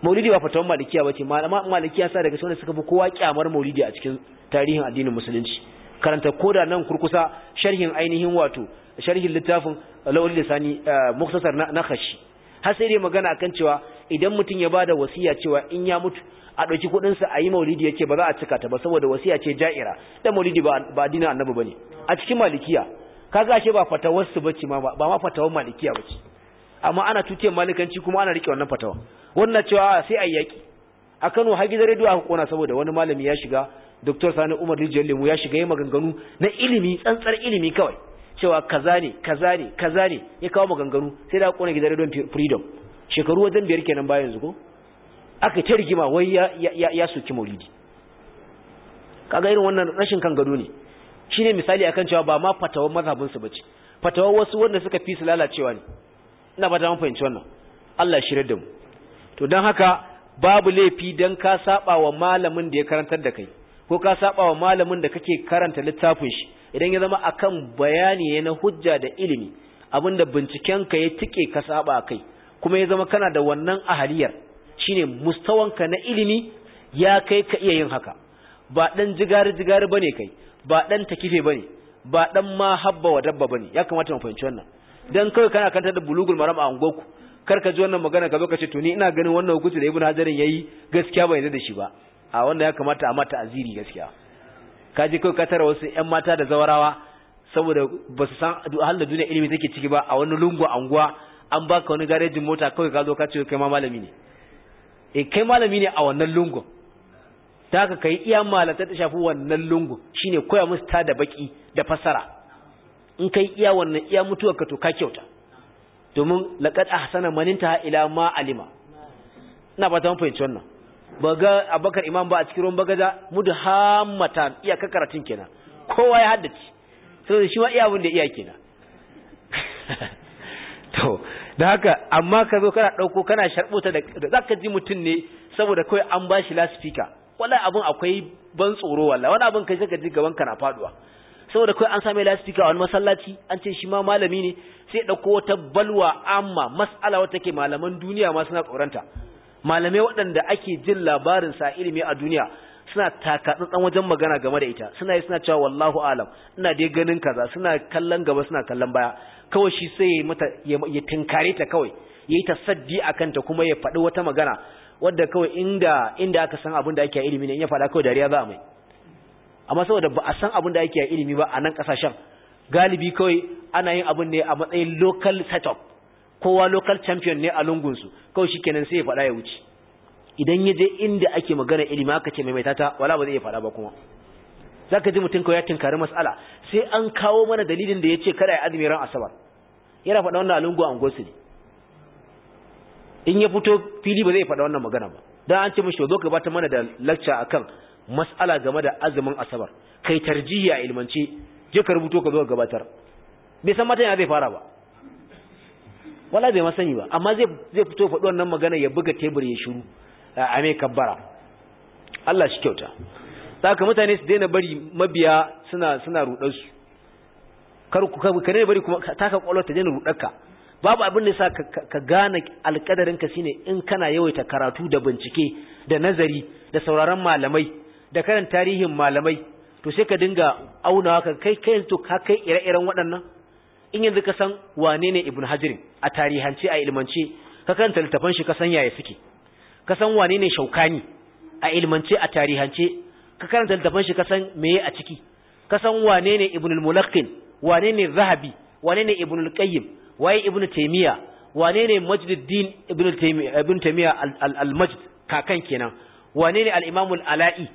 maulidi ba fatawan malikiya bace malama malikiya sa daga sauran suka fi kowa kyamar maulidi a cikin tarihin addinin musulunci karanta koda nan kurkusa sharhin ainihin wato sharhin littafin lawal lisani eh, muktasar na khashi har sai dai magana akan cewa idan mutum ya bada wasiya cewa in ya mutu a dauki kudin sa yi maulidi yake ba za a cika ta ba saboda wasiya ce ja'ira dan maulidi ba ba dinin annabi bane a cikin malikiya kaga ashe ba fatawar su bace ma ba ma fatawar malikiya bace amma ana tutiyar malikanci kuma ana rike wannan fatawa wannan cewa ah, sai ayi yaki a Kano har gidan radio aka kona saboda wani malami ya shiga Dr. Sani Umar Rijiyar Lemu ya shiga yi maganganu na ilimi tsantsar ilimi kawai cewa kaza ne kaza ne kaza ne ya kawo maganganu sai da kone gidan don freedom shekaru wajen biyar kenan bayan yanzu ko aka ta rigima wai ya ya ya maulidi kaga irin wannan rashin kan gado ne shine misali akan cewa ba ma fatawar mazhabin su bace fatawar wasu wanda suka fi su lalacewa ne ina ba ta mun fahimci wannan Allah shi da mu to dan haka babu laifi dan ka saba wa malamin da ya karantar da kai ko ka saba wa malamin da kake karanta littafin shi idan ya zama akan bayani ne na hujja da ilimi abinda bincikenka ya tike ka saba kai kuma ya zama kana da wannan ahaliyar shine mustawanka na ilimi ya kai ka iya yin haka ba dan jigari jigari bane kai ba dan takife bane ba dan ma habba wa dabba bane ya kamata mu fahimci wannan dan kai kana kanta da bulugul maram a angoku kar ka ji wannan magana ka zo ka ce to ni ina ganin wannan hukunci da Ibn hajarin yayi gaskiya bai yarda da shi ba a wanda ya kamata a mata aziri gaskiya ka je kai ka tara wasu ƴan mata da zawarawa saboda ba su san halin duniya ilimi take ciki ba a wani lungu anguwa an baka wani garejin mota kawai ka zo ka ce kai ma malami ne eh kai malami ne a wannan lungu ta ka kai iya malata ta shafi wannan lungu shine koya musu ta da baki da fasara in kai iya wannan iya mutuwar ka to ka kyauta domin laqad ahsana maninta ila ma alima ina ba ta fahimci wannan baga abakar imam ba a cikin ruwan bagaja mudhammatan iya kakaratin kenan kowa ya haddace saboda shi ma iya abin da iya kenan *laughs* to da haka amma ka zo kana dauko kana sharbota da zaka ji mutun ne saboda kai an bashi speaker wala abun akwai ban tsoro walla wani abun kai saka ji gaban na faduwa saboda kai an same a wani masallaci an ce shi ma malami ne sai dauko wata balwa amma mas'ala wata ke malaman duniya ma suna tsoranta malamai waɗanda ake jin labarin sa ilimi a duniya suna takatsantsan wajen magana game da ita suna yi suna cewa wallahu alam ina dai ganin kaza suna kallon gaba suna kallon baya kawai shi sai mata ya tinkare ta kawai ya yi saddi a kanta kuma ya faɗi wata magana wadda kawai inda inda aka san abin da ake a ilimi ne in ya faɗa kawai dariya za a mai amma saboda ba a san abin da ake a ilimi ba a nan ƙasashen galibi kawai ana yin abin ne a matsayin local setup kowa local champion ne a lungunsu kawai shi kenan sai ya faɗa ya wuce idan ya je inda ake magana ilimi aka ce maimaita ta wala ba zai faɗa ba kuma za ka ji mutum kawai ya tinkari mas'ala, sai an kawo mana dalilin da ya ce kada ya azumi ran asabar yana faɗa wannan a lungu a ne in ya fito fili ba zai faɗa wannan magana ba dan an ce mishi zo ka bata mana da lecture akan mas'ala game da azumin asabar kai tarjihi a ilmance je ka rubuto ka zo ka gabatar bai san mata yana zai fara ba wala bai masani ba amma zai zai fito faɗi wannan magana ya buga tebur ya shiru a mai kabbara Allah shi kyauta saka mutane su daina bari mabiya suna suna rudar su kar ku ka ne bari kuma taka kwalo ta daina ka babu abin da sa ka gane alkadarin ka shine in kana yawaita karatu da bincike da nazari da sauraron malamai da karin tarihin malamai to sai ka dinga aunawa ka kai kai to ka kai ire-iren waɗannan in yanzu ka san wane ne ibn hajirin a tarihance a ilmance ka karanta littafan shi ka san yaya suke ka san wane ne shaukani a ilmance a tarihance ka karanta littafan shi ka san meye a ciki ka san wane ne ibn al-mulaqqin wane ne zahabi wane ne ibn al-qayyim waye ibn taymiya wane ne majduddin ibn taymiya ibn taymiya al-majd kakan kenan wane ne al-imam al-ala'i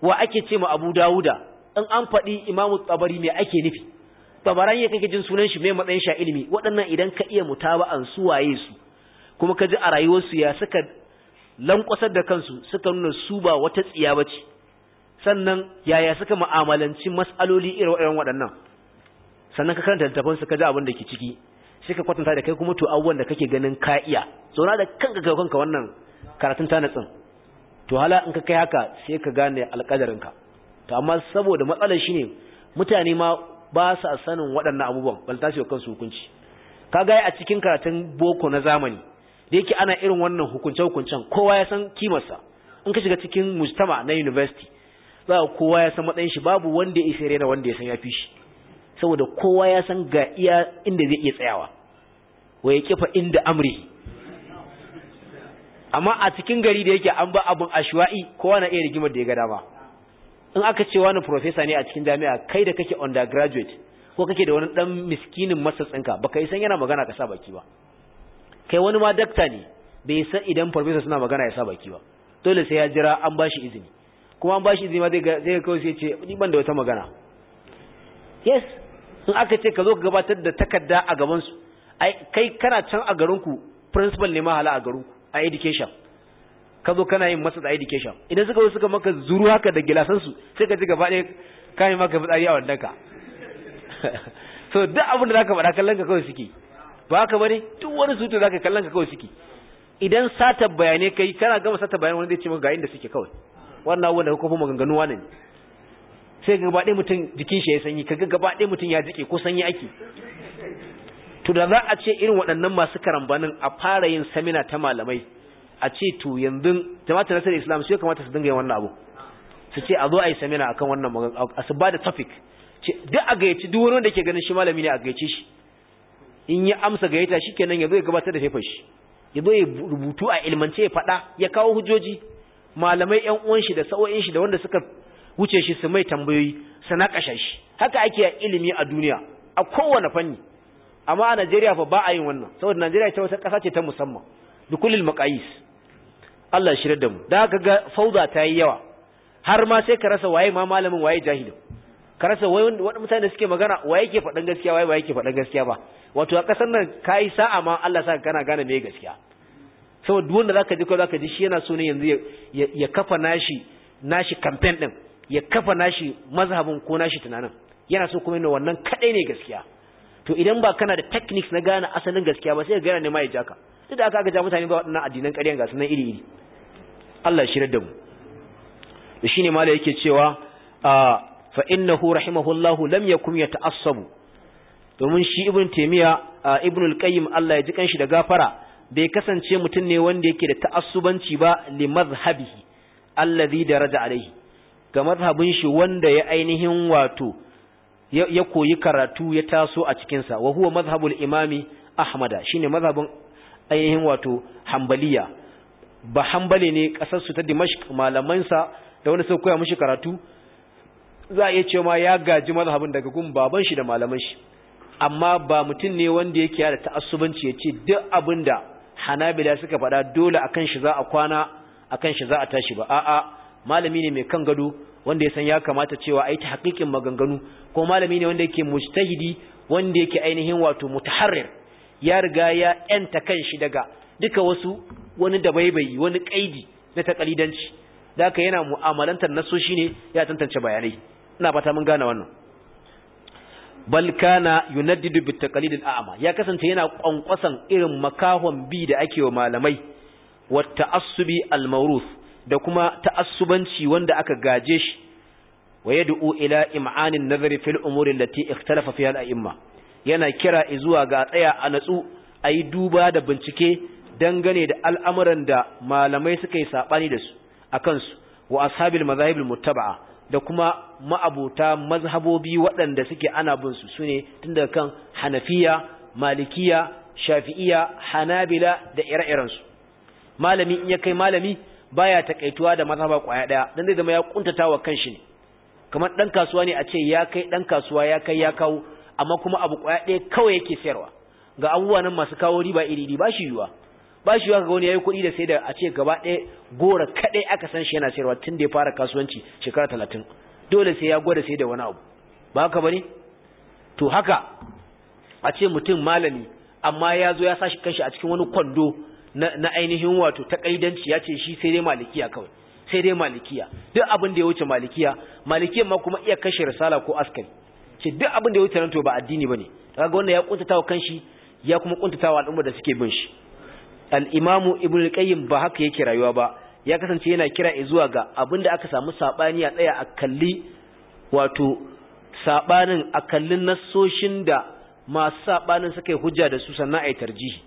wa ake ce ma abu dawuda in an faɗi imamu tsabari me ake nufi yake kake jin sunan shi mai matsayin sha ilimi waɗannan idan ka iya mutaba'an su waye su kuma ka ji a rayuwarsu ya suka lankwasar da kansu suka nuna su ba wata tsiya bace sannan yaya suka mu'amalanci mas'aloli irin waɗannan sannan ka karanta littafin su ka ji abin da ke ciki sai ka kwatanta da kai kuma to abubuwan da kake ganin ka iya zauna da kanka ga kanka wannan karatun ta natsin to hala in ka kai haka sai ka gane alƙadarinka to amma saboda matsalar shine mutane ma ba sa sanin waɗannan abubuwan bal ta wa su hukunci kaga a cikin karatun boko na zamani da yake ana irin wannan hukunce hukuncen kowa ya san kimarsa in ka shiga cikin mujtama na university za kowa ya san matsayin shi babu wanda ya isa rena wanda ya san ya fi shi saboda kowa ya san ga iya inda zai iya tsayawa wa ya kifa inda amri amma a cikin gari da yake an ba abun ashwa'i kowa na iya rigimar da ya ga dama in aka ce wani professor ne a cikin jami'a kai da kake undergraduate ko kake da wani dan miskinin masatsinka ba baka yi san yana magana ka sa baki ba kai wani ma dakta ne bai san idan professor suna magana ya sa baki ba dole sai ya jira an ba shi izini kuma an ba shi izini ma zai ga kawai sai ce ni ban da wata magana yes in aka ce ka zo ka gabatar da takarda a gaban su ai kai kana can a garinku ku principal ne hala a garinku a education ka zo kana yin masa da education idan suka zo suka maka zuru haka da gilasansu sai ka ji gaba ɗaya kayan maka fitsari a wannan ka *laughs* so duk abin da zaka faɗa kallon ka kawai suke ba haka bane duk wani sutu zaka kallon ka kawai suke idan sata bayanai kai kana gama sata bayanai wani zai ce maka ga inda suke kawai wannan abubuwan da kofin maganganu wane ne sai ga gaba ɗaya mutum jikin shi ya sanyi ga gaba ɗaya mutum ya jike ko sanyi ake to da za a ce irin waɗannan masu karambanin a fara yin samina ta malamai a ce to yanzu jama'atul nasarar islam su ya kamata su dinga yin wannan abu su ce a zo a yi samina akan wannan magana a su ba da topic ce duk a gayyaci duk wani wanda ke ganin shi malami ne a gayyaci shi in ya amsa gayyata kenan ya zo ya gabatar da paper shi ya zo ya rubutu a ilmance ya faɗa ya kawo hujjoji malamai 'yan uwan shi da sa'o'in shi da wanda suka wuce shi su mai tambayoyi su naƙasha shi haka ake ilimi a duniya a kowane fanni amma a Najeriya fa ba a yin wannan saboda Najeriya ita wata ƙasa ce ta musamman bi kullil maqayis Allah shirya da mu da ka ga fauda ta yi yawa har ma sai ka rasa waye ma malamin waye jahilin ka rasa wani mutane suke magana waye ke faɗin gaskiya waye waye ke faɗin gaskiya ba wato a ƙasar nan ka yi sa'a ma Allah sa kana gane me gaskiya saboda duk wanda zaka ji ko zaka ji shi yana so yanzu ya kafa nashi nashi campaign din ya kafa nashi mazhabin ko nashi tunanin yana so kuma yana wannan kadai ne gaskiya to idan ba kana da techniques na gane asalin gaskiya ba sai ka gane ne ma ya jaka duk da aka aka ja mutane ba waɗannan addinan ƙaryan ga sunan iri iri Allah shi da mu da shine mala yake cewa fa innahu rahimahullahu lam yakum yata'assabu domin shi ibn taymiya ibn al-qayyim Allah ya ji kanshi da gafara bai kasance mutum ne wanda yake da ta'assubanci ba li madhhabihi alladhi daraja alaihi ga madhhabin shi wanda ya ainihin wato ya koyi karatu ya taso a cikin sa wa huwa madhhabul imami ahmada shine madhhabin ainihin wato hambaliya ba hambale ne su ta dimashq malamansa da wani sai koya mishi karatu za a iya cewa ma ya gaji mazhabin daga gun baban shi da malaman shi amma ba mutum ne wanda yake yada ta'assubanci ya ce duk abinda da hanabila suka faɗa dole akan shi za a kwana akan shi za a tashi ba a'a malami ne mai kan gado wanda ya san ya kamata cewa a yi ta haƙiƙin maganganu ko malami ne wanda yake mujtahidi wanda yake ainihin wato mutaharrir ya riga ya yanta kanshi daga duka wasu wani dabaibayi wani kaidi na takalidanci da haka yana mu'amalantar nasoshi ne ya tantance bayanai ina fata mun gane wannan bal kana yunaddidu bit taqlid al a'ma ya kasance yana kwankwasan irin makahon bi da ake wa malamai wa ta'assubi al mawruf da kuma ta'assubanci wanda aka gaje shi wa yad'u ila im'anin nazari fil umuri allati ikhtalafa fiha al a'imma yana kira zuwa ga tsaya a natsu a yi duba da bincike dangane da al'amuran da malamai suka yi saɓani da su a kansu wa ashabil mazahibul muttaba'a da kuma ma'abuta mazhabobi waɗanda suke ana bin su sune tun daga kan hanafiya malikiya shafi'iya hanabila da ire-irensu malami in ya kai malami baya takaituwa da mazhaba kwaya ɗaya don zai zama ya kuntatawa kanshi ne kamar ɗan kasuwa ne a ce ya kai ɗan kasuwa ya kai ya kawo amma kuma abu kwaya ɗaya kawai yake sayarwa ga abubuwa nan masu kawo riba iri iri ba shi yiwuwa ba shi yiwuwa ga wani ya yi kuɗi da sai da a ce gaba ɗaya gora kaɗai aka san shi yana sayarwa tun da ya fara kasuwanci shekara talatin dole sai ya gwada sai da wani abu ba haka ne to haka a ce mutum malami amma ya zo ya sashi kanshi a cikin wani kwando na ainihin wato ta kaidanci ya ce shi sai dai malikiya kawai sai dai malikiya duk abin da ya wuce malikiya malikiyan ma kuma iya kashe risala ko askari ce duk abin da ya wuce ba addini bane kaga wannan ya kuntatawa kanshi ya kuma kuntatawa al'umma da suke bin shi al-imam ibnu al-qayyim ba haka yake rayuwa ba ya kasance yana kira zuwa ga abin da aka samu sabani a tsaya a kalli wato sabanin a kallin nasoshin da masu sabanin suka yi hujja da su sannan ai tarjihi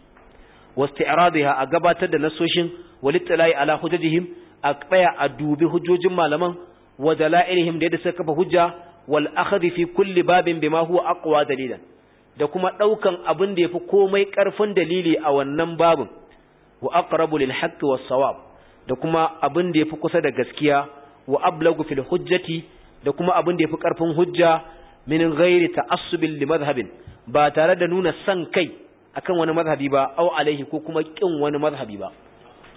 wasti'radiha a gabatar da nassoshin walittalai ala hujjajihim a tsaya a dubi hujjojin malaman wa dalailihim da yadda suka kafa hujja wal akhdhi fi kulli babin bima huwa aqwa dalilan da kuma daukan abin da yafi komai karfin dalili a wannan babin wa aqrabu lil haqqi was sawab da kuma abin da yafi kusa da gaskiya wa ablagu fil hujjati da kuma abin da yafi karfin hujja min ghairi ta'assubin li madhhabin ba tare da nuna san kai akan wani madhhabi ba aw alaihi ko kuma kin wani madhhabi ba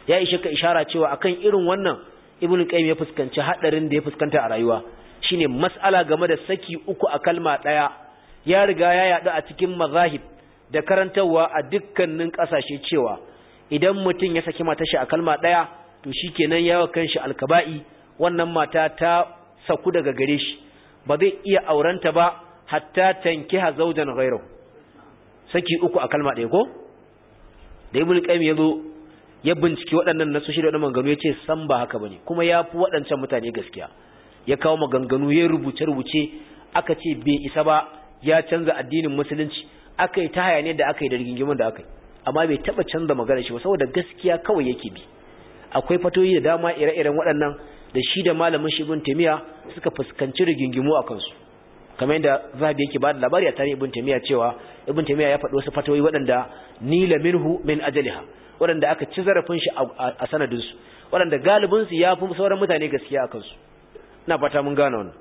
ya ishe ka ishara cewa akan irin wannan ibnu qayyim ya fuskanci hadarin da ya fuskanta a rayuwa shine mas'ala game da saki uku a kalma ɗaya ya riga ya yaɗu a cikin mazahib da karantarwa a dukkanin ƙasashe cewa idan mutum ya saki matashi a kalma ɗaya to shi kenan yawa kanshi alkaba'i wannan mata ta saku daga gare shi ba zai iya aurenta ba hatta ha zaujan ghairu saki uku a kalma ɗaya ko da ibnu qayyim yazo ya bincike waɗannan nasu shi da wannan gano yace san ba haka bane kuma ya fi waɗancan mutane gaskiya ya kawo maganganu ya rubuce-rubuce aka ce bai isa ba ya canza addinin musulunci aka yi ta hayaniyar da aka yi da rigingimin da aka yi amma bai taba canza magana shi ba saboda gaskiya kawai yake bi akwai fatoyi da dama ire-iren waɗannan da shi da malamin shi ibn taymiya suka fuskanci rigingimu a kansu kamar yadda zahabi yake ba da labari a tare ibn taymiya cewa ibn taymiya ya faɗi wasu fatoyi waɗanda nila minhu min ajaliha waɗanda aka ci zarafin shi a sanadinsu waɗanda galibinsu ya fi sauran mutane gaskiya a kansu na fata mun gano wannan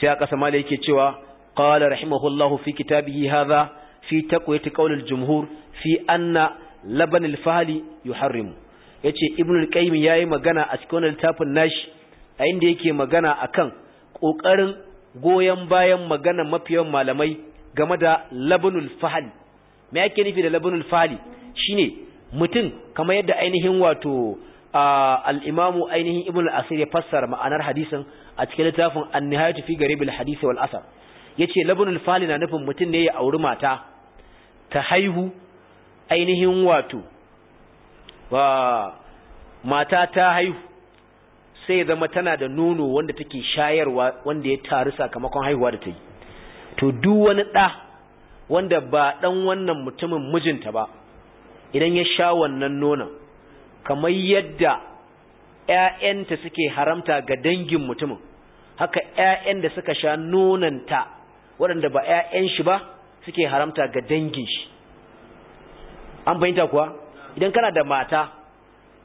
sai a ƙasa da yake cewa qala rahimahullahu fi kitabihi hadha fi taqwiyati qawlil jumhur fi anna laban al-fahli yuharrimu yace ibnu al-qayyim yayi magana a cikin littafin nashi a inda yake magana akan kokarin goyen bayan magana mafiyan malamai game da labanul Fali. me yake nufi da labanul fahli shine mutum kamar yadda ainihin wato al-imamu ainihin ibn al-asir ya fassara ma'anar hadisin a cikin littafin an-nihayatu fi garib al-hadith wal asar yace fali na nufin mutum ne ya auri mata ta haihu ainihin wato wa mata ta haihu sai zama tana da nono wanda take shayarwa wanda ya taru sakamakon haihuwa da ta yi to duk wani ɗa wanda ba ɗan wannan mutumin mijinta ba idan ya sha wannan nonon kamar yadda ‘ya'yanta suke haramta ga dangin mutumin haka ‘ya'yan da suka sha nonanta waɗanda ba ‘ya'yan shi ba suke haramta ga dangin shi an fahimta kuwa idan kana da mata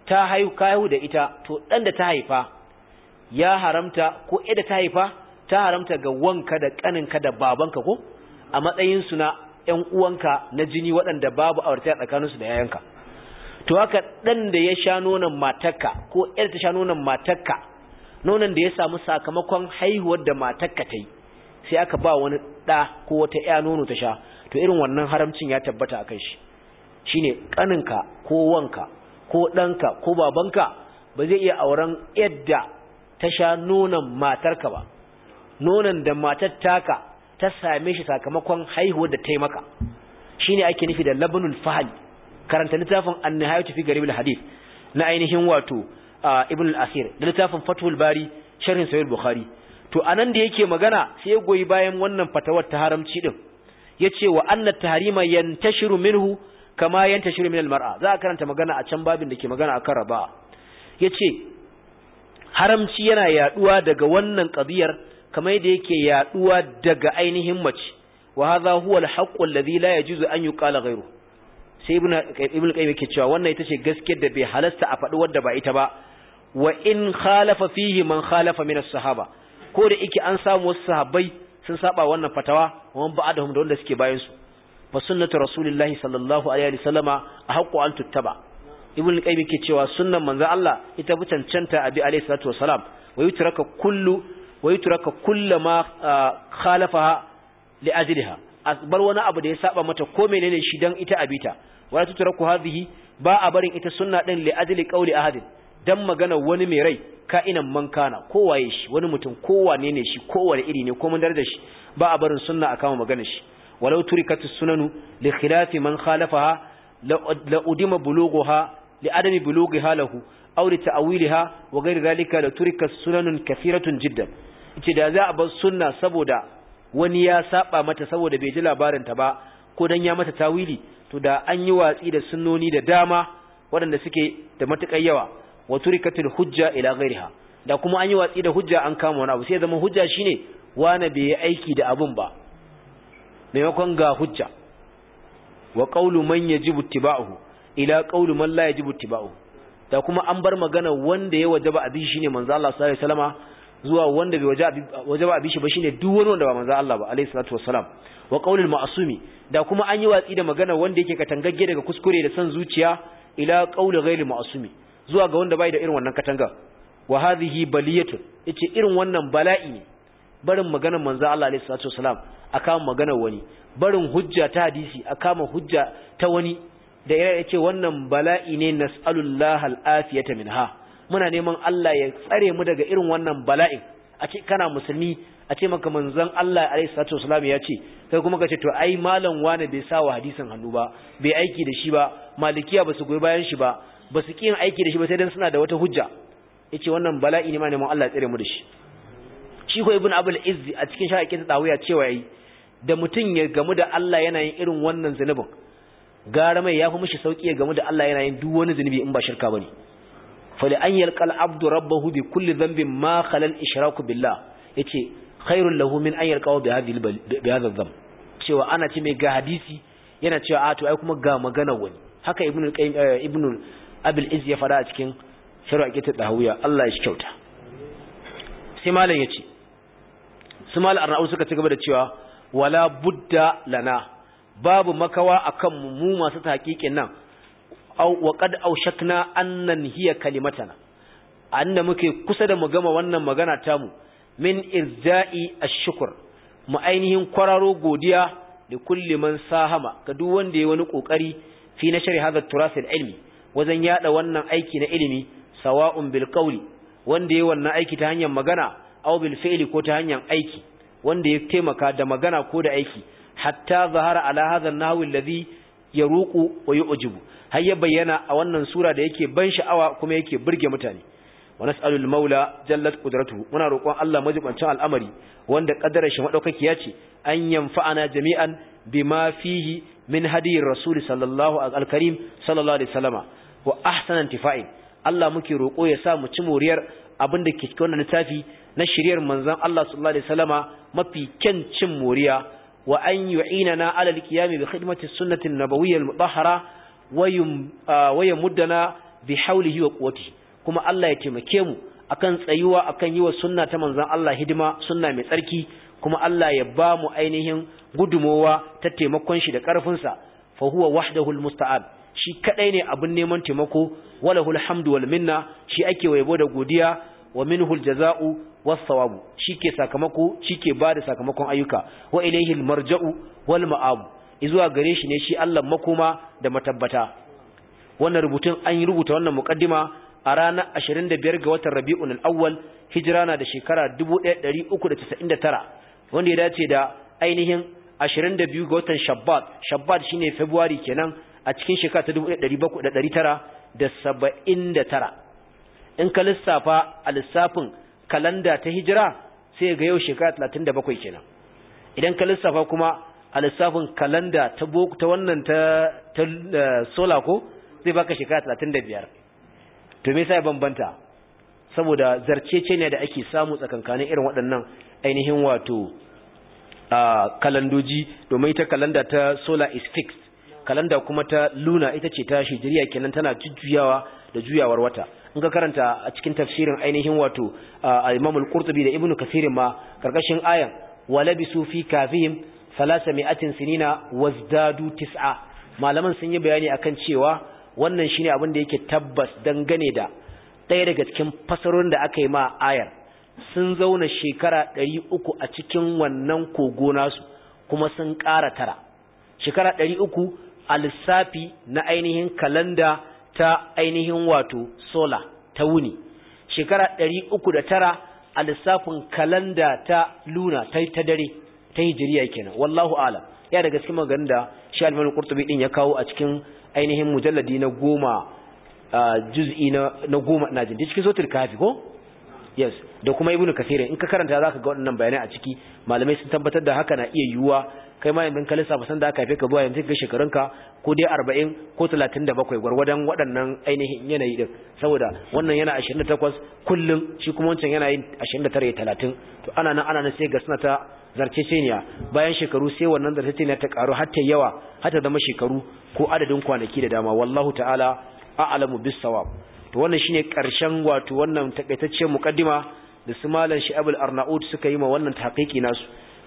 ta haihu ka haihu da ita to ɗan da ta haifa ya haramta ko ɗan ta haifa ta haramta ga wanka da ƙaninka da babanka ko a matsayinsu na ‘yan uwanka na jini waɗanda babu aurata tsakaninsu da ‘ya'yanka to haka dan da ya sha nonon matarka ko yar ta sha nonon matarka nonon da ya samu sakamakon haihuwar da matarka ta yi sai aka ba wani ɗa ko wata ya nono ta sha to irin wannan haramcin ya tabbata a kan shi shine kaninka ko wanka ko ɗanka ko babanka ba zai iya auren yadda ta sha nonon matarka ba nonon da matar taka ta same shi sakamakon haihuwar da ta yi maka shine ake nufi da labanul fahali karanta littafin an-nihayatu fi garib al-hadith na ainihin wato ibn al-asir da littafin Fathulbari, bari sharhin sahih bukhari to anan da yake magana sai goyi bayan wannan fatawar ta haramci din yace wa anna tahrima yantashiru minhu kama yantashiru min al-mar'a za a karanta magana a can babin da ke magana akan raba yace haramci yana yaduwa daga wannan qadiyar kamar da yake yaduwa daga ainihin mace wa hadha huwa al-haqqu alladhi la yajuzu an yuqala ghayruhu sai ibn ibn qayyim yake cewa wannan ita ce gaskiyar da bai halasta a faɗi wanda ba ita ba wa in khalafa fihi man khalafa min as-sahaba ko da yake an samu wasu sahabbai sun saba wannan fatawa wan ba'adahum da wanda suke bayan su fa sunnatu rasulillahi sallallahu alaihi wasallama ahqqu an tuttaba ibn qayyim yake cewa sunnan manzo Allah ita bi cancanta abi alaihi salatu wasalam wa yutraka kullu wa yutraka kullu ma ah, li ajliha a bar wani abu da ya saba mata ko menene shi dan ita abita wala tutraku hadhihi ba a barin ita sunna din li ajli qawli ahadin dan magana wani mai rai ka'inan man kana waye shi wani mutum kowane ne shi kowane iri ne ko mun dar shi ba a barin sunna a kama magana shi walau turikatu sunanu li khilafi man khalafaha la udima bulughaha li adami bulughaha lahu aw li ta'wiliha wa ghayr dhalika la turika sunanun kathiratun jiddan ita da za a bar sunna saboda wani ya saba mata saboda bai ji labarin ta ba ko dan ya mata tawili to da an yi watsi da sunnoni da dama waɗanda suke da matukar yawa wa turikatul hujja ila ghairiha da kuma an yi watsi da hujja an kama wani abu sai zama hujja shine wani bai yi aiki da abun ba maimakon ga hujja wa qawlu man yajibu ittiba'uhu ila qawlu man la yajibu ittiba'uhu da kuma an bar magana wanda ya wajaba abin shine manzo Allah sallallahu alaihi wasallama zuwa wanda bai waje ba bishi ba shine duk wani wanda ba manzo Allah ba alayhi salatu wassalam wa qaulul ma'sumi da kuma an yi watsi da magana wanda yake katangagge daga kuskure da san zuciya ila qauli ghairi ma'sumi zuwa ga wanda bai da irin wannan katanga wa hadhihi baliyatu yace irin wannan bala'i ne barin maganar manzo Allah alayhi salatu wassalam aka magana wani barin hujja ta hadisi ma hujja ta wani da yace wannan bala'i ne nas'alullahi al-afiyata minha muna neman Allah ya tsare mu daga irin wannan bala'in a ce kana musulmi a ce maka manzon Allah alaihi salatu wasallam ya ce kai kuma ka ce to ai malam wani bai sa wa hadisin hannu ba bai aiki da shi ba malikiya ba su goyi bayan shi ba ba su kiyin aiki da shi ba sai dan suna da wata hujja yace wannan bala'i ne ma neman Allah ya tsare mu da shi shi ko ibn abul izzi a cikin shaƙin tawiya cewa yayi da mutun ya gamu da Allah yana yin irin wannan zunubin gara mai fi mishi sauki ya gamu da Allah yana yin duk wani zunubi in ba shirka bane fali an yalqal abdu rabbahu bi kulli dhanbin ma khala ishraku billah yace khairul lahu min an yalqahu bi hadhihi bi hadha cewa ana ce mai ga hadisi yana cewa a to ai kuma ga magana wani haka ibnu ibnu abul iz ya fada a cikin sharh aqidat dahawiya Allah ya shi kyauta sai malam yace su malam arnau suka ci gaba da cewa wala budda lana babu makawa akan mu masu tahqiqin nan aw wa qad awshakna annan hiya kalimatana anna muke kusa da mu gama wannan magana mu, min irja'i ash-shukr mu ainihin kwararo godiya da kulli man sahama ga duk wanda ya wani kokari fi nashri hada turas al-ilmi wajen yada wannan aiki na ilimi sawa'un bil qawli wanda ya wannan aiki ta hanyar magana aw bil fi'li ko ta hanyar aiki wanda ya taimaka da magana ko da aiki hatta zahara ala hadha an-nahwi alladhi ya ruku wa ya ujibu har ya bayyana a wannan sura da yake ban sha'awa kuma yake burge mutane wa nas'alul maula jallat qudratuhu muna roƙon Allah majibancin al'amari wanda kaddarar shi madaukaki ya ce an yanfa'ana jami'an bima fihi min hadiyir rasul sallallahu alkarim sallallahu alaihi wasallama wa ahsanan intifa'i Allah muke roƙo ya sa mu ci moriyar abinda ke cikin wannan littafi na shiriyar manzon Allah sallallahu alaihi wasallama mafi kyan cin moriya wa an na ala alqiyam bi khidmati sunnatin an-nabawiyyah al-mutahhara wa yamuddana bi hawlihi wa Koti. kuma Allah ya taimake mu akan tsayuwa akan yi wa sunna ta manzon Allah hidima sunna mai tsarki kuma Allah ya ba mu ainihin gudumowa ta taimakon shi da ƙarfinsa fa huwa wahdahu almusta'an shi kadai ne abin neman taimako walahul hamdu wal minna shi ake wa da godiya wa minhu jaza'u. was-sawabu shike sakamako ba da sakamakon ayyuka wa ilayhi al-marja'u wal ma'abu izuwa gare shi ne shi Allah makoma da matabbata wannan rubutun an yi rubuta wannan muqaddima a ranar 25 ga watan Rabi'un al-Awwal hijira na da shekara 1399 wanda ya dace da ainihin 22 ga watan Shabbat Shabbat shine February kenan a cikin shekara ta da 1779 in ka lissafa a lissafin kalanda ta hijira sai ga yau shekara 37 kenan idan ka lissafa kuma a lissafin kalanda ta ta wannan ta eh, sola ko zai baka shekara 35 to me yasa ya bambanta saboda zarcece ne da ake samu tsakankanin irin waɗannan ainihin wato a kalandoji domin ita kalanda ta sola is fixed kalanda kuma ta luna ita ce ta shijiriya kenan tana jujjuyawa da juyawar wata in ka karanta a cikin tafsirin ainihin wato Imam al-Qurtubi da Ibn Kathir ma karkashin ayan walabisu fi kafihim 300 sinina wazdadu tis'a malaman sun yi bayani akan cewa wannan shine abin da yake tabbas dangane da ɗaya daga cikin fasarorin da aka yi ma ayar sun zauna shekara 300 a cikin wannan kogo nasu kuma sun ƙara tara shekara 300 a lissafi na ainihin kalanda ta ainihin wato sola ta wuni shekara ɗari uku da tara a lissafin kalanda ta luna ta ta dare ta hijiriya kenan wallahu alam ya daga cikin maganin da shi alfanu qurtubi din ya kawo a cikin ainihin mujalladi na goma juz'i na goma na jin cikin sotir kafi ko yes da kuma ibnu kathir in ka karanta zaka ga wannan bayanai a ciki malamai sun tabbatar da haka na iya yiwuwa kai ma yanzu ka ba san da aka haife ka zuwa yanzu ga shekarunka ko dai 40 ko 37 gwargwadon waɗannan ainihin yanayi din saboda wannan yana 28 kullum shi kuma wancan yana yin 29 30 to ana nan ana nan sai ga suna ta ceniya bayan shekaru sai wannan ceniya ta karu har ta yawa har ta zama shekaru ko adadin kwanaki da dama wallahu ta'ala a'lamu bis sawab to wannan shine karshen wato wannan takaitaccen mukaddima da su malam abul Arnaud suka yi ma wannan tahqiqi nasu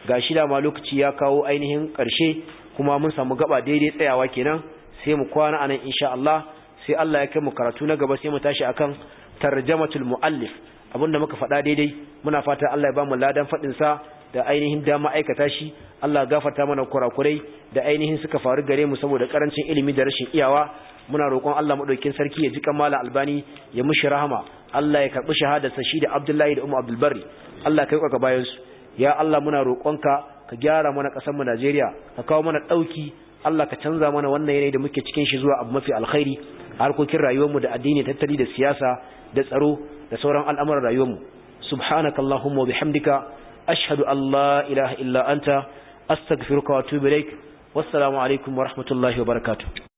gashi da ma lokaci ya kawo ainihin karshe kuma mun samu gaba daidai tsayawa kenan sai mu kwana anan insha Allah sai Allah ya kai mu karatu na gaba sai mu tashi akan tarjamatul muallif abinda muka faɗa daidai muna fata Allah ya ba mu ladan faɗin sa da ainihin dama aikata shi Allah gafarta mana kurakurai da ainihin suka faru gare mu saboda karancin ilimi da rashin iyawa muna roƙon Allah madaukakin sarki ya ji kamala albani ya mushi rahama Allah ya karɓi shahadarsa shi da Abdullahi da Ummu Abdulbari Barri Allah kai kwaka bayan bayansu. ya Allah muna roƙonka ka gyara mana ƙasar mu Najeriya ka kawo mana ɗauki Allah ka canza mana wannan yanayi da muke cikin shi zuwa abu mafi alkhairi harkokin rayuwarmu da addini tattali da siyasa da tsaro da sauran al'amuran rayuwarmu subhanakallahumma wa bihamdika ashhadu an la ilaha illa anta astaghfiruka wa atubu ilaik wassalamu alaikum wa rahmatullahi wa